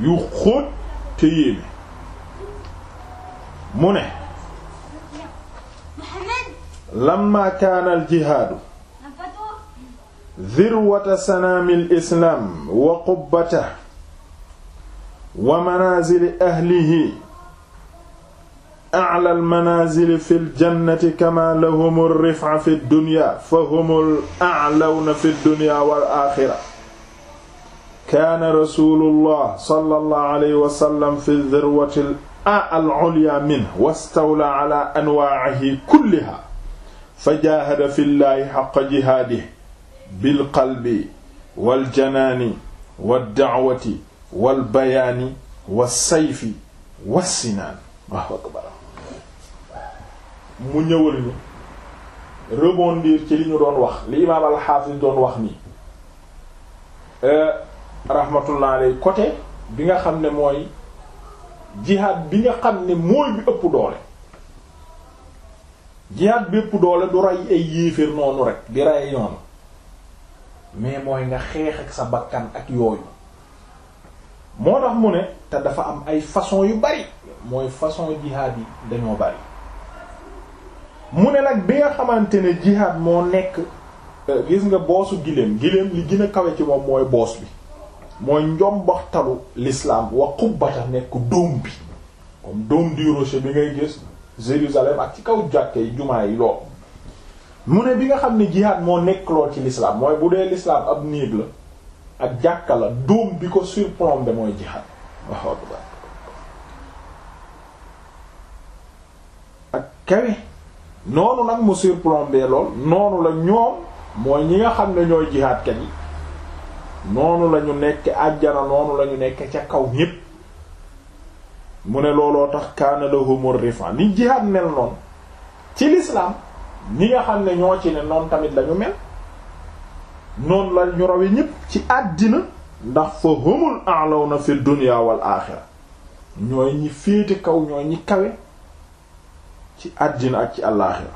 yu xóot te yéeme mu ne lamma kaana aljihaadu dirwata sanaami alislaam wa qubbata wa manaazili ahlihi acla almanaazili fi ljannati kama lahum rifca fi ddunyaa fa hum alaclawna fi ddunyaa wal aaxira kaana rasuulullah sallallahu alayhi wa sallam fi dirwati al-ulya minhu wastawla ala anwaa'ihi kulliha fajaahada fillaahi haqqa jihaadihi bilqalbi waljanaani wadda'wati walbayaani wassayfi wassinaan waaw akbar mu ñëwal ñu rebondir ci li ñu doon wax li imaam alxaafis doon wax nii eh, rahmatullah alay côté bi nga xam ne mooy jihaad bi nga xam ne mooy bi ëpp doole jihaad bi ëpp doole du rey ay yéeféer noonu rek di rey ay noonu mais mooy nga xeex ak sa bakkan ak yooyu moo tax mu ne te dafa am ay façon yu bari mooy façon jihaad yi dañoo bari mu ne nag bi nga xamante ne jihaad moo nekk euh, gis nga boosu giléem giléem li gën a kawe ci moom mooy boos bi mooy njomboxtalu l'islam wa xubbata nekk doom bi comme dóom du bi ngay gis Jérusalem ak ci kaw jàkke yi jumaa yi lool mu ne bi nga xam ne jihaad moo nekk lool ci l'islam mooy bu dee l'islam ab néeg la ak jàkka la dóom bi ko surplombé mooy jihaad waaw ak kawe noonu nag mu surplombé lool noonu la ñoom mooy ñi nga xam ne ñooy jihaad kat yi noonu lañu nekk àjjana noonu lañu nekke ca kaw ñépp mu ne looloo tax kaana lahum rifan ni jihaad mel noonu ci lislaam ñi nga xam ne ñoo ci ne noonu tamit lañu mel noonu lañu rawe ñépp ci àddina ndax fa humul a'lawna fi dunya wal aaxira ñooy ñi féete kaw ñooy ñi kawe ci àddina ak ci alaaxira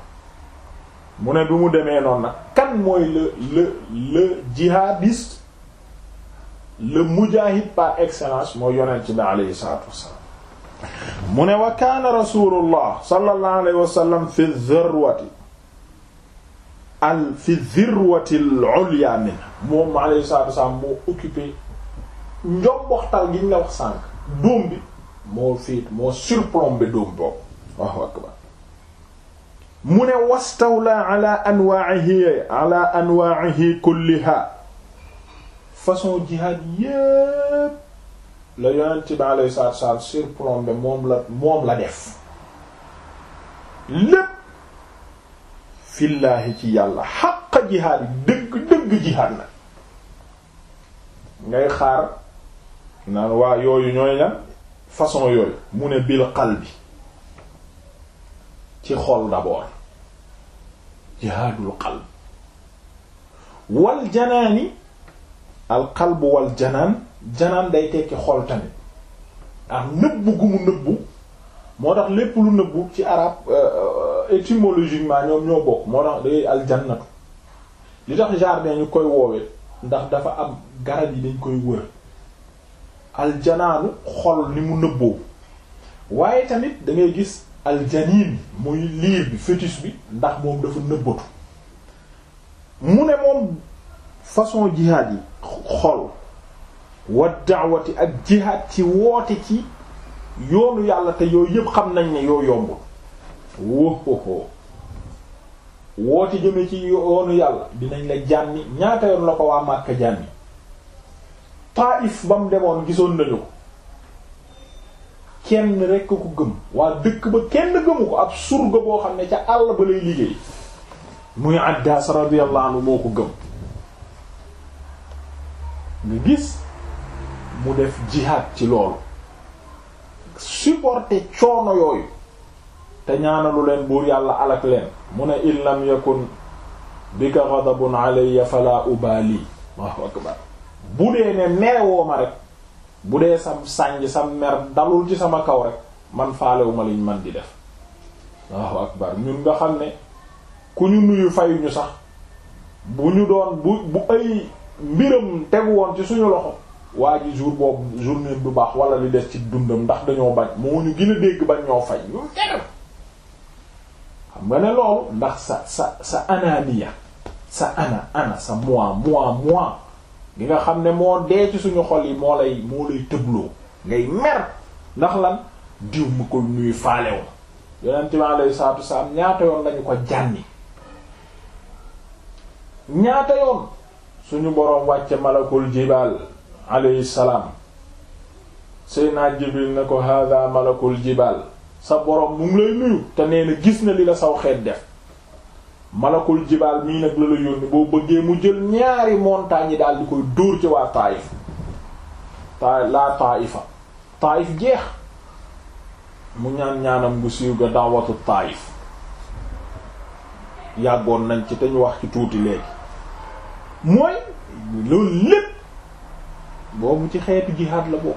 mu ne bi mu demee noonu nag kan mooy le le le jihadiste le mujahid par excellence moo yonent bi aleyhi salatu wassalam mu ne wa kaana rasulullah sallallahu alayhi wa sallam fi dhirwati al fi dhirwati al ulya min moom aleyhi salatu gi ñu wax sànq dóom bi moo fiit moo surplombé dóom boobu waaw akbar mu ne wastawla ala anwa'ihi ala anwa'ihi kulliha façon jihad yépp la yonent bi alayhi salaatu salaam surplombé moom la moom la def lépp fillaahi ci yàlla xaq jihaad yi dëgg dëgg jihaad nag ngay xaar naan waa yooyu ñooy lan façon yooyu mu ne bil qalbi ci xol d'abord jihaadul qalb wal al qalbu wal janaan janaan day tekki xol tamit ndax nëbbu gu mu nëbbu moo tax lépp lu nëbbu ci arab euh, euh, étymologiquement ñoom ñoo bokk moo tax day al jannatu li tax jardin ñu koy woowee ndax dafa am garab yi dañ koy wër aljanaanu xol ni mu nëbboo waaye tamit dangay gis aljaniin muy liir bi fœtus bi ndax moom dafa nëbbatu mu ne moom façon jihaad yi xol wa daawati ak jihaad ci woote ci yoonu yàlla te yooyu yëpp xam nañ ne yoo yombul wóohoo woote jëme ci yoonu yàlla dinañ la jànni ñaata yoon la ko waa Màkka jànni Taif ba mu demoon gisoon nañu ko kenn rekk ko gëm waa dëkk ba kenn gëmu ko ab surga boo xam ne ca àll ba lay liggéey muy Addas radiyallahu anhu ko gëm nga gis mu def jihad ci loolu supporter coono yooyu te ñaanalu leen buur yàlla alak leen mu ne in lam yakun bika ghadabun alayya fala ubali Allahu akbar bu dee ne merewoo ma rek bu dee sam sànj sam mer dalul ci sama kaw rek man faalewuma liñ man di def Allahu akbar ñun nga xam ne ku ñu nuyu fayuñu sax bu ñu doon bu bu ay mbiram tegu woon ci suñu loxo waa ji jour boobu journée du baax wala li des ci dundam ndax dañoo bañ moo ñu gën a dégg bañ ñoo fay ñu kenn xam nga ne loolu ndax sa sa sa anania sa ana ana sa moi moi moi gi nga xam ne moo dee ci suñu xol yi moo lay moo lay tëbloo ngay mer ndax lan diw mu ko nuy faalew yonent bi alayhi salaatu wasalaam ñaata yoon lañu ko jànni ñaata yoon suñu boroom wàcce malakul jibaal alayhi salaam Seydina Jibril ne ko hada malakul jibaal sa boroom mu lay nuyu te nee gis na li la saw xeet def malakul jibaal mii nag la la yónni boo bëggee mu jël ñaari montagnes yi daal di koy dóor ci waa Taayif taa laa Taayifa Taayif jeex mu ñaan ñaanam gu siiw ga daawatu Taayif yàggoon nañ ci te ñu wax ci tuuti léegi mooy loolu lépp boobu ci xeetu jihaad la bokk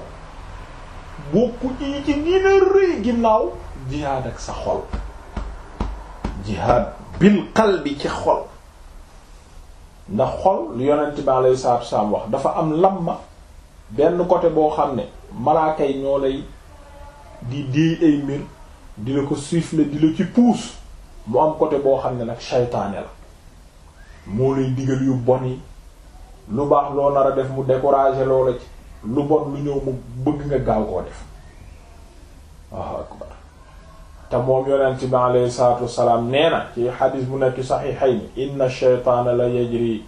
bokku ci ci gën a rëy ginnaaw jihaad ak sa xol jihaad bil qalbi ci xol ndax xol lu yonent bi alayhi salaatu wasallam wax dafa am lamma benn côté boo xam ne malaaka ñoo lay di déey ay mbir di la ko siffler di la ci puus mu am côté boo xam ne nag shaytaane la moo lay digal yu bon yi lu baax loo nar def mu décourager loola ci lu bon lu ñëw mu bëgg nga gaaw koo def waaw akbar te moom yonent bi alayhi salaatu wassalaam nee na ci xadiis bu nekk saxiixayn inna shaytaana la yajri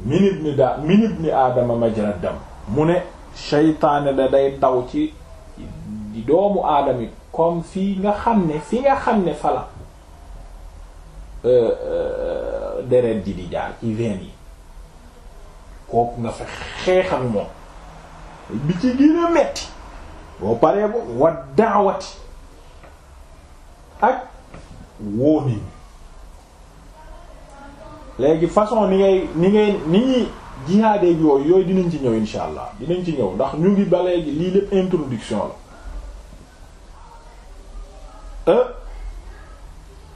min ibni da min ibni aadama majra dam mu ne shaytaane da day daw ci doomu aadama yi comme fii nga xam ne fi nga xam ne fala euh, euh, deret ji di jaar ci veine yi kooku nga fa xeex ak moom bi ci gën a metti boo paree bu wa daawati ak wóoni léegi façon ni ngay ni ngay ni ñuy jihaadeeg yooyu yooyu dinañ ci ñëw insha allah dinañ ci ñëw ndax ñu ngi ba léegi lii lépp introduction la euh,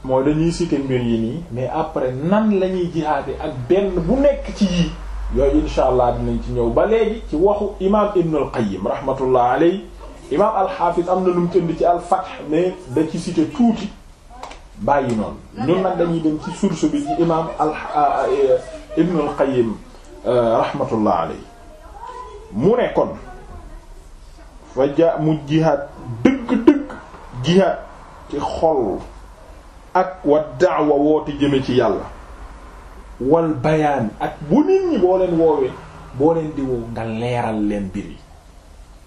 moo dañuy citer mbir yi nii mais après nan lañuy ñuy jihaade ak benn bu nekk ci yii yooyu insha allah dinañ ci ñëw ba léegi ci waxu imaam Ibn al-Qayyim rahmatullah aley imaam al am na lu mu tënd ci al-Fath mais da ci citer tuuti bàyyi noonu ñun nag dañuy dem ci source bi ci imaam al euh, Ibn al-Qayyim euh, rahmatullah aley mu ne kon fa ja mu jihaad dëgg-dëgg jihaad ci xol ak wa woo woote jëme ci yàlla wal bayaan ak bu nit ñi boo leen woowee boo leen di nga leeral leen mbir yi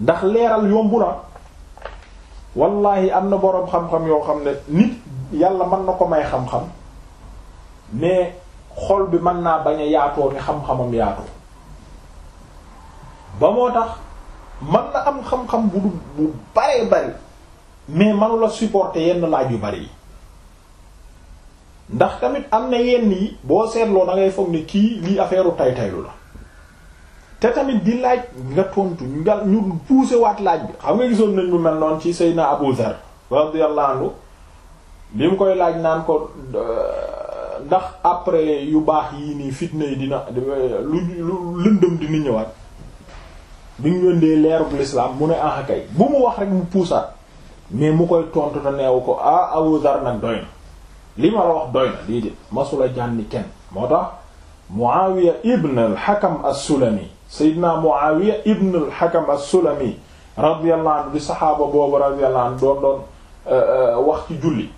ndax leeral yombu na wallaahi am na boroom xam-xam yoo xam ne nit yàlla mën na ko may xam-xam mais xol bi mën naa bañ a yaatoo ni xam-xamam yaatoo ba moo tax mën na am xam-xam bu du bu bare bari mais mënula supporter yenn laaj yu bari yi ndax tamit am na yenn yi boo seetloo da ngay foog ne kii lii affaire tay taylu la te tamit di laaj nga tontu nga ñu poussé waat laaj bi xam nga gisoon nañ bu mel noonu ci Seydina Abu Zar radiyallahu anhu bi mu koy laaj naan ko euh, ndax après yu baax yi nii fitna yi dina lu lu lëndëm dina ñëwaat bi ñu wëndee leer bu l'islam mu ne ah bu mu wax rek mu puusaat mais mu koy tontu na neewu ko ah Abu Zar nag doy na. li ma la doy na lii de masula jànni kenn moo tax Muawiya ibn al-Hakam as-Sulami Seydina Muawiya ibn al-Hakam as-Sulami radiyallahu anhu di saxaaba boobu radiyallahu anhu doon doon eh, eh, wax ci julli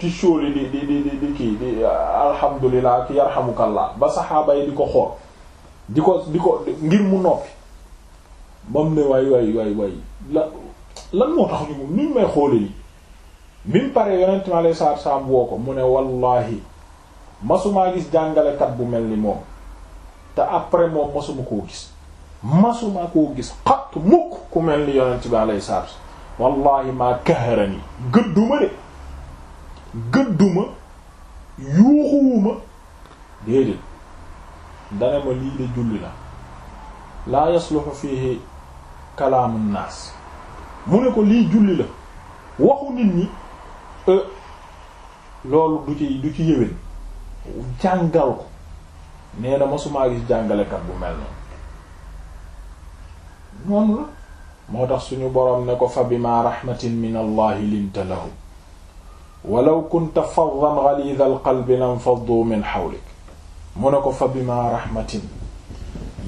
ci sóoli di di di di di kii di alhamdulilah ki ba saxaaba yi di ko xool di ko ngir mu noppi moom ne waay waay waay la lan moo tax ñu moom ni may xoole li mi mu paree yonent mi alayhi salaatu salaam woo ko mu ne wallaahi masumaa gis jàngalekat bu mel ni moom te après moom masuma koo gis masuma koo gis xat mukk ku mel ni yonent bi alayhi salaatu salaam wallaahi maa kaharani gëdduma de gëdduma yuuxuwuma déedéet dana ma lii de julli la laa yasluhu fiihi kalaamu naas mu ne ko lii julli la waxu nit ñi loolu du ci du ci yéwén jàngal ko nee na masumaa gis jàngalekat bu mel noonu noonu la moo tax suñu boroom ne ko fa bima raxmatin min allahi linta lahum walaw kunta faddan ghalidha alqalbi lam faddu min hawlik mu ne ko fa bima raxmatin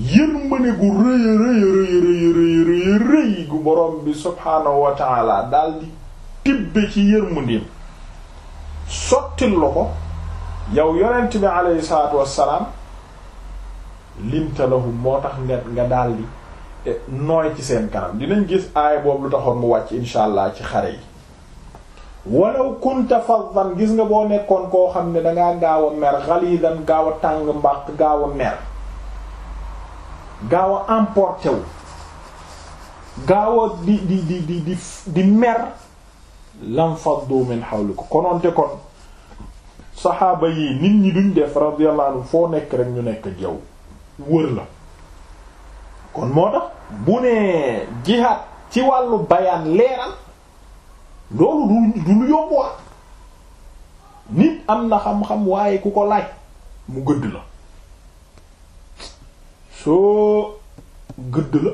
yërmande gu rëy rëy rëy rëy rëy gu boroom bi subhaanahu wa taala daldi tibbe ci yërmandeem sottil la ko yow yonent bi aleyhi salaatu wassalaam limta lahum moo tax nga nga daldi e, nooy ci seen kanam dinañ gis aay boobu lu taxoon mu wàcc insha allah ci xare yi walaw kunta faddan gis nga boo nekkoon koo xam ne danga gaaw a mer xaliidan gaaw a tàng mbaq gaaw a mer di di di di mer lam faddu min hawliku konoonte kon saxaaba yi nit ñi duñ def radiyallahu anhu foo nekk rek ñu nekk jaw wër la kon moo tax bu ne jihaad ci wàllu bayaan leeral loolu du du lu yomb wax nit am na xam-xam waaye ku ko laaj mu gëdd la soo gëdd la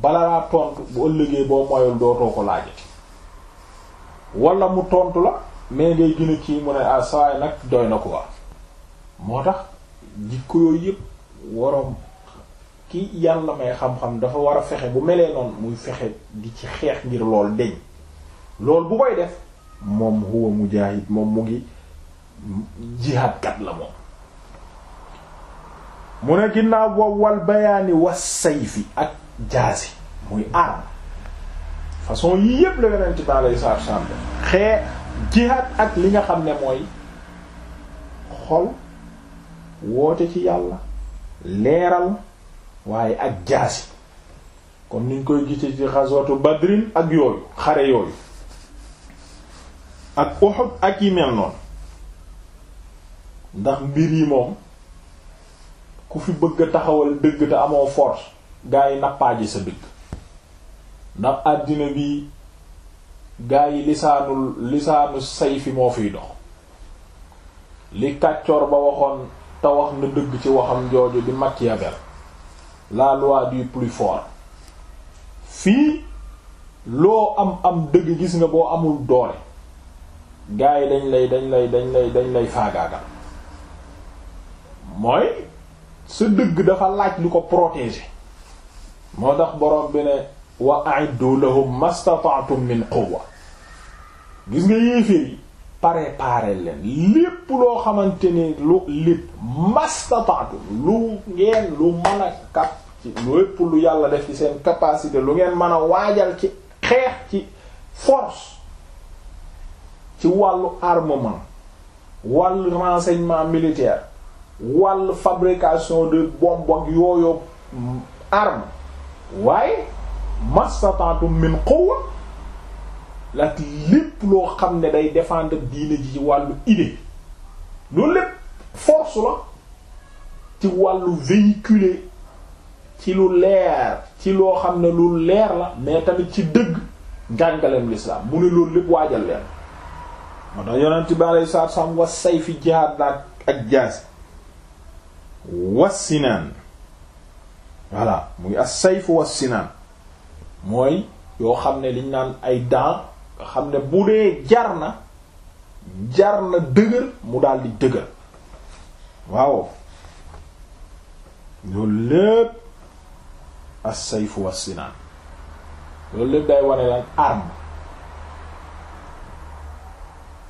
bala laa tontu bu ëllëgee boo moyul dootoo ko laajati wala mu tontu la mais ngay gën a kii mu ne ah nag doy na ko moo tax jikko yooyu yëpp ki yàlla may xam-xam dafa war a fexe bu melee noonu muy fexe di ci xeex ngir lool deñ loolu bu koy def moom huwa mujaahid moom mu ngi jihaadkat la moom mu ne ginnaaw boobu wal bayaani was sayfi ak jaasi muy arme façon yii yépp la yonent bi alayhi salaatu salaam xee jihaad ak li nga xam ne mooy xol woote ci yàlla leeral waaye ak jaasi comme niñ koy gise ci ghazwatu badrin ak yooyu xare yooyu ak Uhud ak yi mel noonu ndax mbir yi moom ku fi bëgg a taxawal dëgg te amoo force gaa yi nappaaji sa dëgg ndax àddina bi gaa yi lisaanul lisaanu sayfi moo fiy dox li kàccoor ba waxoon te wax na dëgg ci waxam jooju di Machiavel la loi du plus fort fii loo am am dëgg gis nga boo amul doole gaa yi dañ lay dañ lay dañ lay dañ lay faagaagal mooy sa dëgg dafa laaj lu ko protéger moo tax borom bi ne wa a'iddu lahum mastata'tum min quwwa gis nga yéeféer yi préparer leen lépp loo xamante ni lu lépp mastata'tum lu ngeen lu mën a kap ci lu yàlla def ci seen capacité lu ngeen mën a waajal ci xeex ci force ci wàllu armement wàllu renseignement militaire wàllu fabrication de bombes ak yooyu arme waaye mastataatum min quwwa ak lépp loo xam ne day défendre diine ji ci wàllu idée loolu lépp force la ci wàllu véhiculer ci lu leer ci loo xam ne lu leer la mais tamit ci dëgg njàngaleem lislaam mu ne loolu lépp waajal leen moo tax yonent bi alei salatu salaam was say fi jihaad naag ak jaasi was sinaan voilà muy as sayfu was sinaan mooy yoo xam ne liñ naan ay daan nga xam ne bu dee jar na jar na dëgër mu daldi dëgër waaw loolu lépp as wa sinaan loolu lépp day wane lan arme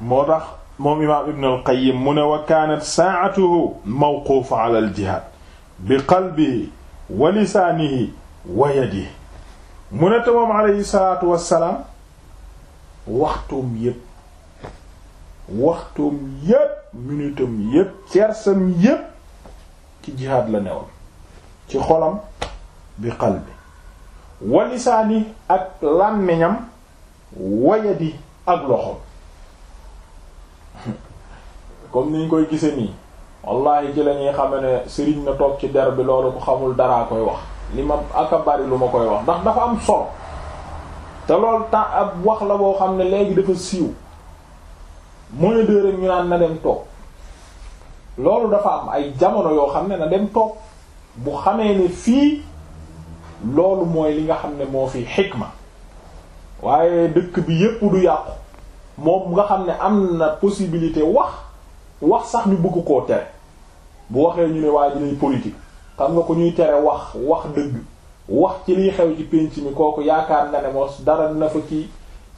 moo tax moom imaam ibn al mu ne wa kaanat saa'atuhu mawquufa ala al bi qalbihi wa lisaanihi wa yadihi mu ne te moom aleyhi salaatu wassalaam waxtoom yépp waxtoom yépp minutam yépp cersam yépp ci jihaad la newoon ci xolam bi qalbi walisaani ak làmmiñam wayadi ak loxom comme niñ koy gise nii wallahi ci lañuy xame ne sëriñ na toog ci der bi loolu ku xamul dara koy wax li ma aka bari lu ma koy wax ndax dafa am solo te loolu temps ab wax la boo xam ne léegi dafa siiw mu ne ñu naan na dem toog loolu dafa am ay jamono yoo xam ne na dem toog bu xamee ne fii loolu mooy li nga xam ne moo fi xikma waaye dëkk bi yépp du yàqu moom nga xam ne am na possibilité wax wax sax ñu bëgg koo tere bu waxee ñu ne waaye dinañ politique xam nga ko ñuy tere wax wax dëgg wax ci liy xew ci pénc mi kooku yaakaar nga ne moos dara na fa kii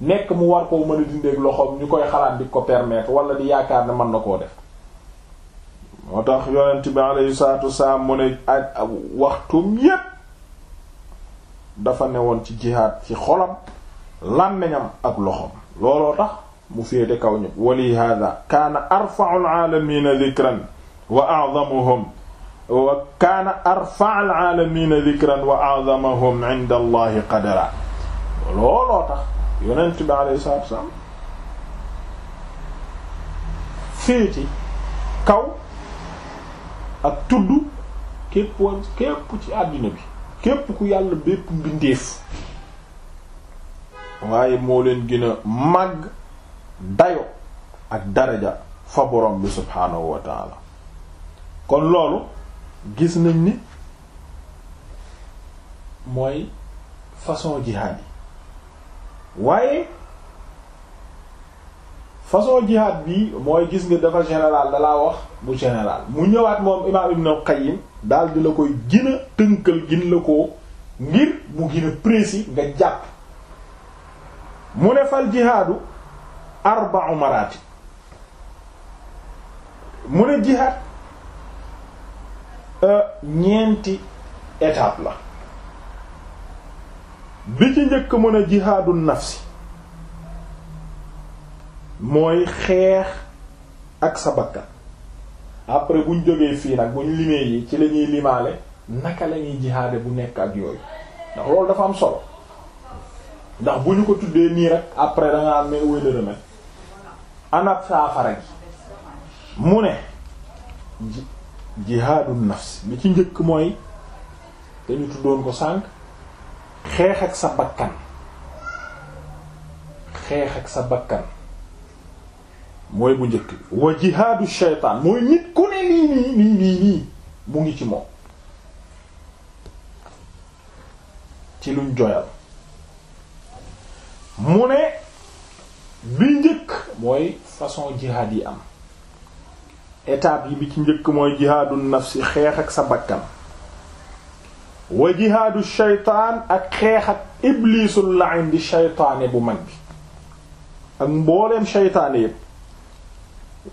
nekk mu war koo mën a dindeeg loxoom ñu koy xalaat di ko permettre wala di yaakaar ne mën na koo def moo tax yonent bi alayhi saatu wasalaam mu ne ak waxtum yépp dafa newoon ci jihaad ci xolam làmmiñam ak loxoom looloo tax mu féete kaw ñëpp wali hada kaana arfa'u al-aalamiina dhikran wa a'zamuhum wa kaana arfa'al aalamiina dikran wa a'zamahum 'inda allahi qadara looloo tax yonent bi alayhi salaatu wa salaam féeti kaw ak tudd képp woon képp ci àddina bi képp ku yàlla bépp mbindeef waaye moo leen gën a màgg dayo ak daraja fa borom bi subhaanahu wa taala kon loolu gis nañ ni mooy façon jihaad yi waaye façon jihaad bi mooy gis nga dafa général dalaa wax bu général mu ñëwaat moom imaam Ibn Qayyim daal di la koy gën a tënkal gin la ko ngir mu gën a précis nga jàpp mu ne fal jihaadu arba'u maraati mu ne jihaad Euh, ñeenti étape la bi ci njëkk mën a jihaadu nafsi mooy xeex ak sa bakkan après buñ jógee fii nag buñ limee yi ci lañuy ñuy limaale naka lañuy ñuy jihaade bu nekk ak yooyu ndax loolu dafa am solo ndax bu ñu ko tuddee nii rek après da am ne wéy la remet saafara gi mu ne jihaadun nafs bi ci njëkk mooy dañu tuddoon ko sànq xeex ak sa bakkan xeex ak sa bakkan mooy bu njëkk bi wa jihaadu shaytaan mooy nit ku ne nii nii nii nii mu ngi ci moom ci luñ joyal mu ne bi njëkk mooy façon jihaad yi am étape yi bi ci njëkk mooy jihaadu nafsi xeex ak sa bakkan wa jihaadu shaytaan ak xeex ak iblisul la'in di shaytaane bu mag bi ak mbooleem shaytaane yépp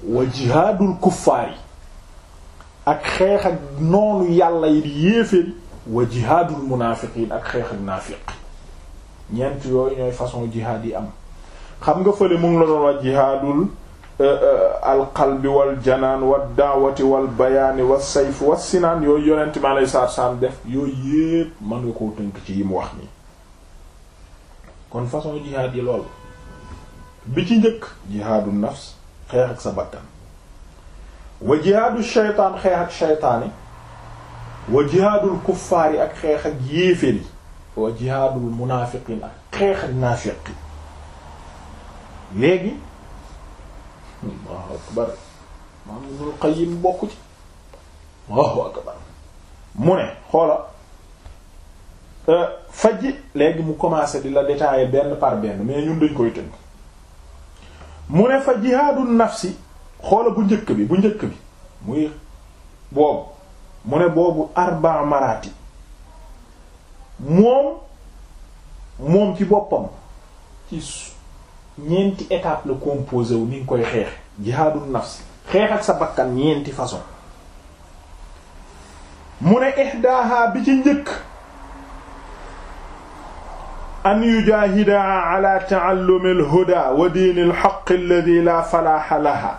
wa jihaadul kuffaar yi ak xeex ak noonu yàlla yi di yéeféen wa jihaadul munaafiqiin ak xeex ak naafiq ñeent yooyu ñooy façon jihaad yi am xam nga fële mu la doon wax jihaadul alqalbi wal janaan wa daawati wal bayaani wa sayf wa sinaan yooyu yonent mi aleyhi salaatu salaam def yooyu yépp mën nga koo tënk ci yi wax nii kon façon jihaad yi lool bi ci njëkk jihaadu nafs xeex ak sa bakkan wa jihaadu shaytaan xeex ak shaytaani wa jihaadul kuffaari ak xeex ak yéeféer wa jihaadul munaafiqiin ak xeex ak naafiqi léegi Allahu akbar maam Ibnul Qayyim bokk ci Allahu akbar mu ne xoola euh, fajj léegi mu commencé di la détailler benn par benn mais ñun dañ koy tënk mu ne fa jihaadun nafsi xoola bu njëkk bi bu njëkk bi muy boobu mu ne boobu arba marati moom moom ci boppam ci ñeenti étape la composé wu ni nga koy xeex jihaadul nafs xeex ak sa bakkan ñeenti façon mu ne ihdaha bi ci njëkk an yujahidaa ala ta'allumi al-huda wa diini al-haqq alladhi la falaha laha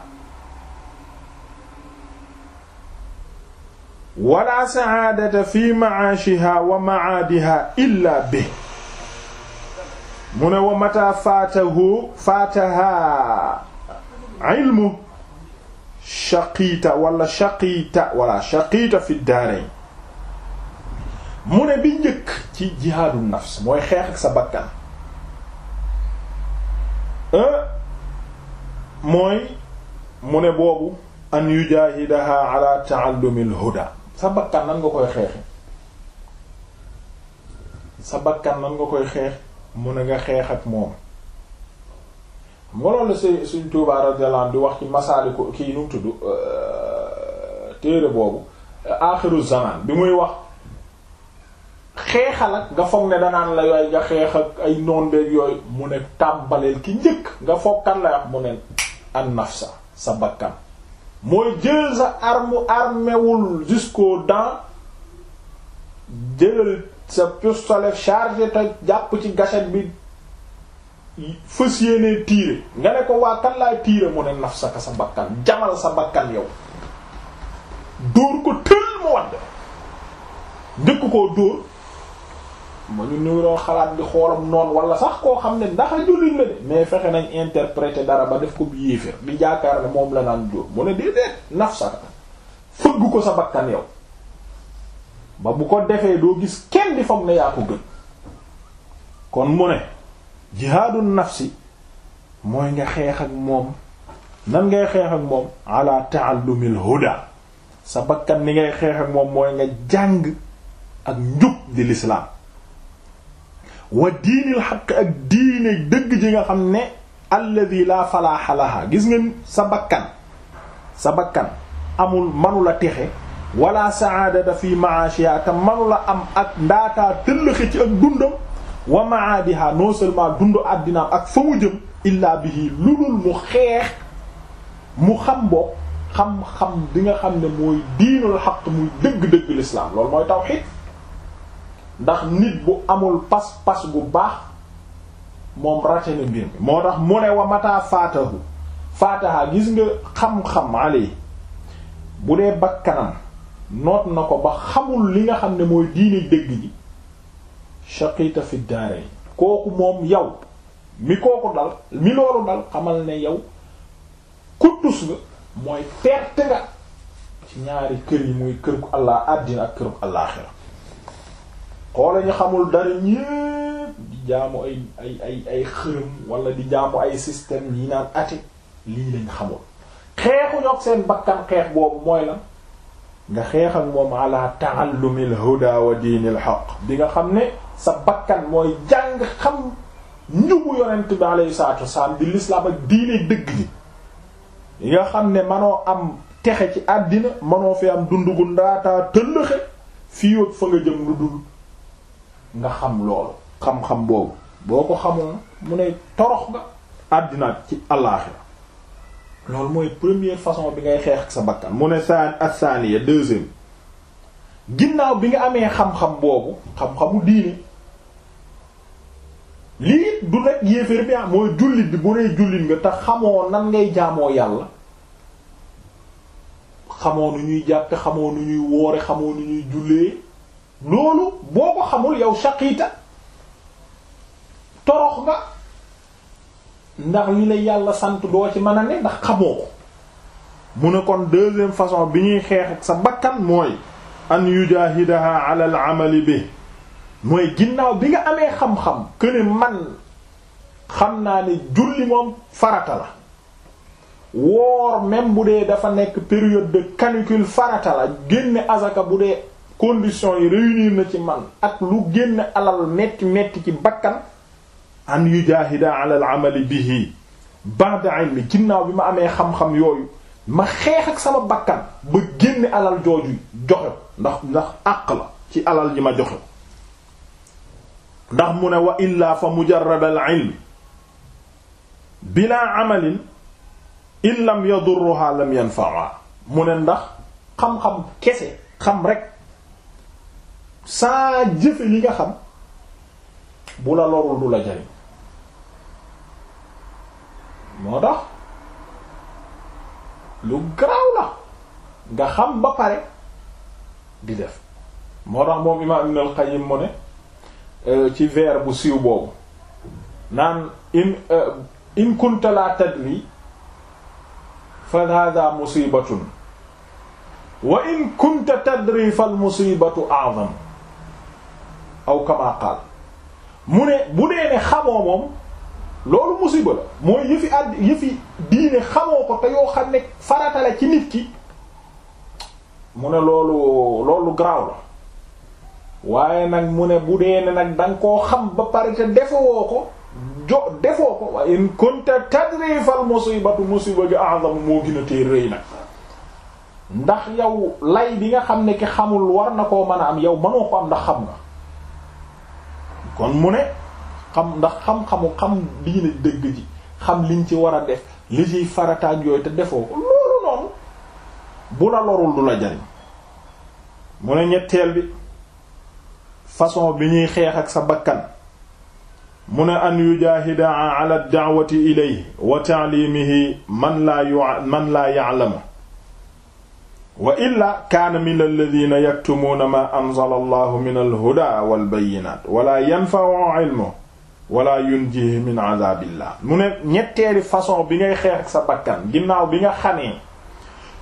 wala sa'adata fi ma'ashiha wa ma'adiha illa bihi mu ne wa mata faatahu faataha ilmu shaqiita wala shaqiita wala shaqiita fi mu ne bi njëkk ci jihaadu nafs mooy xeex ak sa bakkan mooy mu ne boobu an yujahidaha ala ta'allumil huda sa bakkan nan nga koy xeexe sa bakkan nan nga koy xeexe mun a nga xeex ak moom mënoon la say suñ Tuubaa radiyallahu anhu di wax ci ko kii nu mu tudd euh, téere boobu aaxiru zaman bi muy wax xeexal ak nga foog ne danaan la yooyu nga xeex ak ay noondeeg yooyu mu ne tàmbaleel ki njëkk nga foog kan la wax mu ne an nafsa sa bakkan mooy jël sa arme armewul jusqu'aux dents jëlal sa pistolet charge te jàpp ci gâchette bi fas yéenee tiire nga ne ko waa kan laay tiire mu ne naf saka sa bakkan jamal sa bakkan yow dóor ko tël mu wadd njëkk koo dóor ma ñu niwroo xalaat di xoolam noon wala sax koo xam ne ndax a jullit la de mais fexe nañ interpréter dara ba def ko bu yéeféer di jaakaar ne moom la daan dóor mu ne déedéet naf saka fëgg ko sa bakkan yow ba bu ko defee doo gis kenn di foog ne yaa ko gën kon mu ne jihaadu nafsi mooy nga xeex ak moom nan ngay xeex ak moom bakkan ni ngay xeex moom mooy nga jàng ak njub di lislaam wa diinil xaq ak diine dëgg ji nga xam ne alladi la falaaxa laha gis nga sa bakkan sa bakkan amul manula texe wala saadata fi maashiha te manula am ak ndaata tëllëxe ci ak dundam wa maadiha non seulement dund àddinaam ak fa mu jëm illaa bihi lu dul mu xeex mu xam boo xam-xam di nga xam ne mooy diinul xaq muy dëgg-dëgg lislaam loolu mooy tawxiid ndax nit bu amul pas-pas bu baax moom rate na mbir mi moo tax mu ne wa mataa faatahu faataha gis nga xam-xam ale bu dee bakkanam noot na ko ba xamul li nga xam ne mooy diini dëgg ji shaqita fi daarayn kooku moom yow mi kooku dal mi loolu dal xamal ne yow kuttus nga mooy perte nga ci ñaari kër yi muy kër gu allah àddina ak kër gu allaaxira xoola ñu xamul dara ñépp di jaamu ay ay ay xërëm wala di jaamu ay système yi naan ati lii lañ xamul xeexu ñoog seen bakkan xeex boobu mooy la nga xeex ak moom ala taallumil huda wa diinil haqq di nga xam ne sa bakkan mooy jàng xam njubu yonent bi alayhi salaatu wasalaam di lislaam ak diine dëgg ji di nga xam ne manoo am texe ci àddina manoo fi am dundu gu ndaataa tëllëxe fii wëg fa nga jëm lu dul nga xam loolu xam-xam boobu boo ko xamoon mu ne torox nga àddina ci àllaaxira loolu mooy première façon bi ngay xeex ak sa bakkan mu ne sa asaniya deuxième ginnaaw bi nga amee xam-xam boobu xam-xamu diine lii du rek yéeféer bi ah, mooy jullit bi bu dee jullit nga te xamoo nan ngay jaamoo yàlla xamoo nu ñuy jàppe xamoo nu ñuy woore xamoo nu ñuy jullee loolu boo ko xamul yow shaqiita torox nga ndax li la yàlla sant doo ci man a ne ndax xamoo ko mu ne kon deuxième façon bi ñuy xeex ak sa bakkan mooy an yujahidaha ala al amali bi mooy ginnaaw bi nga amee xam-xam que man xam naa ne julli moom farata la woor même bu dee dafa nekk période de canicule farata la génne azaka bu dee conditions yi réunir na ci man ak lu génn alal metti metti ci bakkan an yu ala al amali bihi ba'da ilmi ginnaaw bi ma amee xam yooyu sama bakkan ba génne alal jooju joxe ndax ndax àq ci alal ji ma joxe ndax mu ne wa illaa fa mujarrad al ilm bilaa amalin in lam yadurruha lam yanfa'ha mu ne ndax xam-xam kese xam rek saa jëfe li nga xam bu la lorul du la jariñ moo tax lu garaaw la nga xam ba pare di def moo tax moom imaam Ibn al-Qayyim mu ne euh, ci vers bu siiw boobu naan in euh, in kunta la tadri fa hada musibatun wa in kunta tadri fal musibatu a'zam aw kama qaal mu ne bu dee xamoo moom loolu musiba la mooy yëfi àdd yëfi diine xamoo ko te yoo xam ne farata ci nit ki mu ne loolu loolu garaaw la waaye nag mu ne bu dee ne nag da koo xam ba pare te defoo ko jo defoo ko waaye in kunta tadri fal musibatu musiba gi a'zamu moo gën a tee rëy nag ndax yow lay bi nga xam ne ki xamul war na koo mën a am yow mënoo ko am ndax xam nga kon mu ne xam ndax xam-xamu xam diine dëgg ji xam liñ ci war a def li ciy farataak yooyu te defoo ko loolu bu la lorul du la jariñ mu ne ñetteel bi façon bi ñuy xeex ak sa bakkan mu ne an yujaahida ala da'wati ilayhi wa ta'limihi man laa yu man laa ya'lamu wa illa kaana min alladhina yaktumuuna maa anzala allahu min alhuda walbayinaat wala yanfa'u ilmuhu wala yunjihi min azabillah mu ne ñetteeli façon bi ngay xeex ak sa bakkan ginnaaw bi nga xamee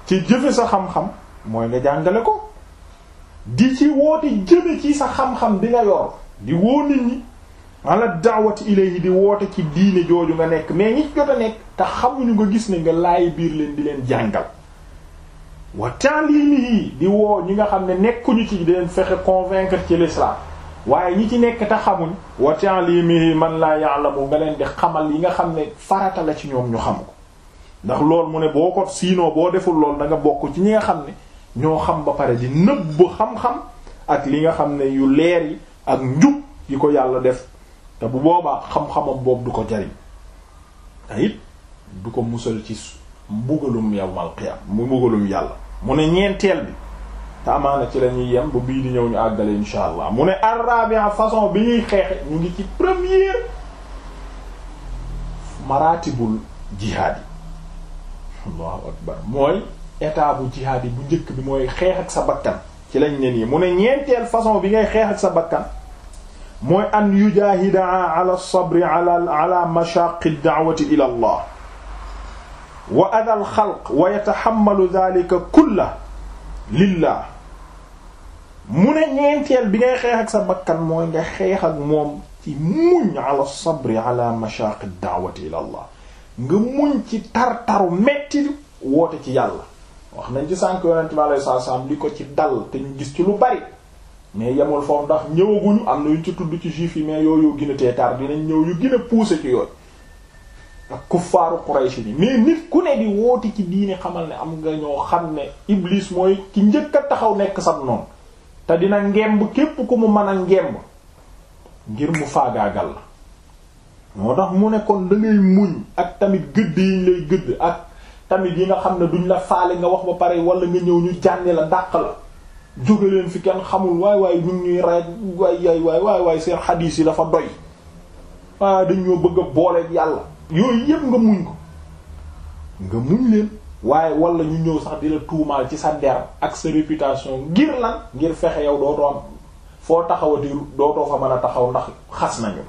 ci jëfe sa xam-xam mooy nga jàngale ko di ci woote jëme ci sa xam-xam bi nga yor di woo nit ñi ala daawati yi di woote ci diine jooju nga nekk mais ñi jot a nekk te xamuñu nga gis ne nga laay biir leen di leen jàngal wa ta'limihi di woo ñi nga xam ne nekkuñu ci di leen fexe convaincre ci l'islam waaye ñi ci nekk te xamuñ wa ta'limihi man laa ya'lamu nga leen di xamal yi nga xam ne farata la ci ñoom ñu xam ko ndax lool mu ne boo ko siinoo boo deful lool danga bokk ci ñi nga xam ne ñoo xam ba pare di nëbb xam-xam ak li nga xam ne yu leer yi ak njub yi ko yàlla def te bu boobaa xam-xamam boobu du ko jariñ te it du ko musal ci mbugalum yawmal qiyaam mu mbugalum yàlla mu ne ñeenteel bi te ci la ñuy yem bu bii di ñëw ñu àggale insha allah mu ne façon bi ñuy xeexe ñu ngi ci première maratibul jihaad yi allahu akbar mooy état bu jihaad yi bu njëkk bi mooy xeex ak sa bakkan ci lañ ne nii mu ne ñeenteel façon bi ngay xeex ak sa bakkan mooy an yujahida ala sabri ala ala mashaqi da'wati ila allah wa adha al xalq wa yatahammalu mu ne ñeenteel bi ngay xeex ak sa bakkan mooy nga xeex ak moom ci muñ ala sabri ala mashaqi daawati ila allah nga muñ ci tar-taru metti woote ci yàlla wax nañ ci sànk yonent bi sa salaam li ko ci dal te ñu gis ci lu bari mais yemul foofu ndax ñëwaguñu am na yu ci tudd ci juif yi mais yooyu gën a tee tar dinañ ñëw yu gën a poussé ci yooyu ak kuffaaru Quraysh ni mais nit ku ne di woote ci diine xamal ne am nga ñoo xam ne Iblis mooy ki njëkk a taxaw nekk sab te dina ngemb képp ku mu mën a ngemb ngir mu faagaagal la moo tax mu ne kon da muñ ak tamit gëdd yiñ lay gëdd ak tamit yi nga xam ne duñ la faale nga wax ba pare wala nga ñëw ñu jànni la dàq la jóge leen fi kenn xamul waay waay ñu ñuy rey waay waay waaye waay seen xadiis yi dafa doy waaw dañ ñoo bëgg a booleeg yàlla yooyu yëpp nga muñ ko nga muñ leen waaye wala ñu ñëw sax di la tuumaal ci sa der ak sa réputation ngir lan ngir fexe yow dootoo am foo taxawati dootoo fa mën a taxaw ndax xas nañu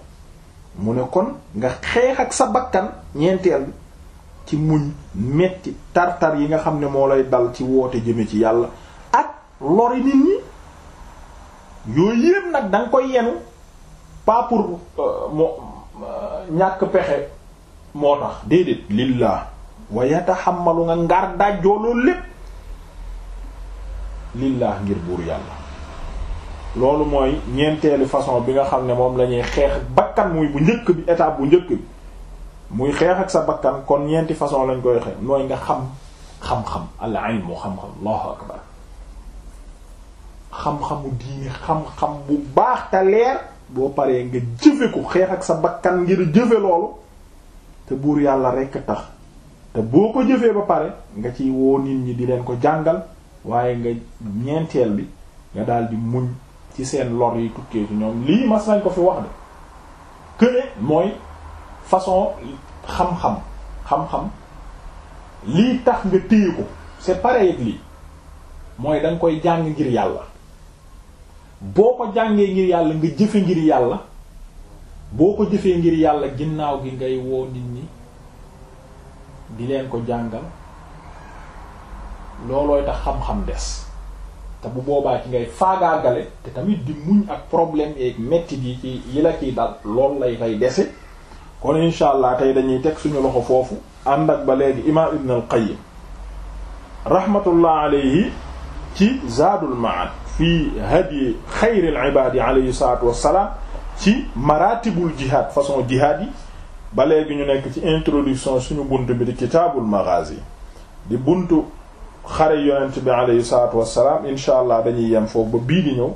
mu ne kon nga xeex ak sa bakkan ñeenteel bi ci muñ metti tartar yi nga xam ne moo lay dal ci woote jëme ci yàlla ak lori nit ñi yooyu yépp nag danga koy yenu pas euh, euh, ñàkk pexe moo tax déedéet lillah wa yataxammalu nga ngaar dàjjoo loolu lépp lillaah ngir buur yàlla loolu mooy ñeenteelu façon bi nga xam ne moom lañuy xeex ak bakkan muy bu njëkk bi étape bu njëkk bi muy xeex ak sa bakkan kon ñeenti façon lañ koy xeex mooy nga xam xam-xam al ilmu xam-xam allahu akbar xam-xamu diine xam-xam bu baax te leer boo paree nga jëfe ko xeex ak sa bakkan ngir jëfe loolu te buur yàlla rekk tax te boo ko jëfee ba pare nga ci woo nit ñi di leen ko jàngal waaye nga ñeenteel bi nga daldi di muñ ci seen lor yi tukkee ci ñoom lii mas nañ ko fi wax de que mooy façon xam-xam xam-xam lii tax nga téye ko c'est pareil ak lii mooy da koy jàng ngir yàlla boo ko jàngee ngir yàlla nga jëfe ngir yàlla boo ko jëfee ngir yàlla ginnaaw gi ngay woo nit ñi di leen ko jàngal loolooy tax xam-xam des te bu boobaa ci ngay faagaagale te tamit di muñ ak problème yeeg mettit yi ci yi la ciy dal loolu lay fay dese kon insha tey dañuy teg suñu loxo foofu ànd ak ba léegi imaam ibn al qayyim rahmatullah alayhi ci zaadul maad fii hadyi xayril ibaadi alayhi salaatu wassalaam ci maratibul jihad façon jihad yi ba léegi ñu nekk ci introduction suñu bunt bi di kitaabul maghazi di buntu xare yonent bi aleyhi salaatu wassalaam incha allah dañuy yem foofu ba bii di ñëw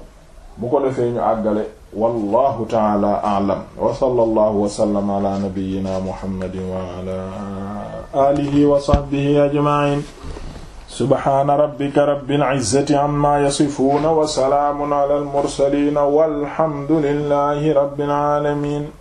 bu ko defee ñu àggale wallahu taala aalam wa sallallahu wa sallam ala nabiyyina muhammadin wa ala alihi wa sahbihi ajma'in subhana rabbika rabbil izzati amma yasifuna wa salaamun ala al mursalin walhamdulillahi rabbil alamin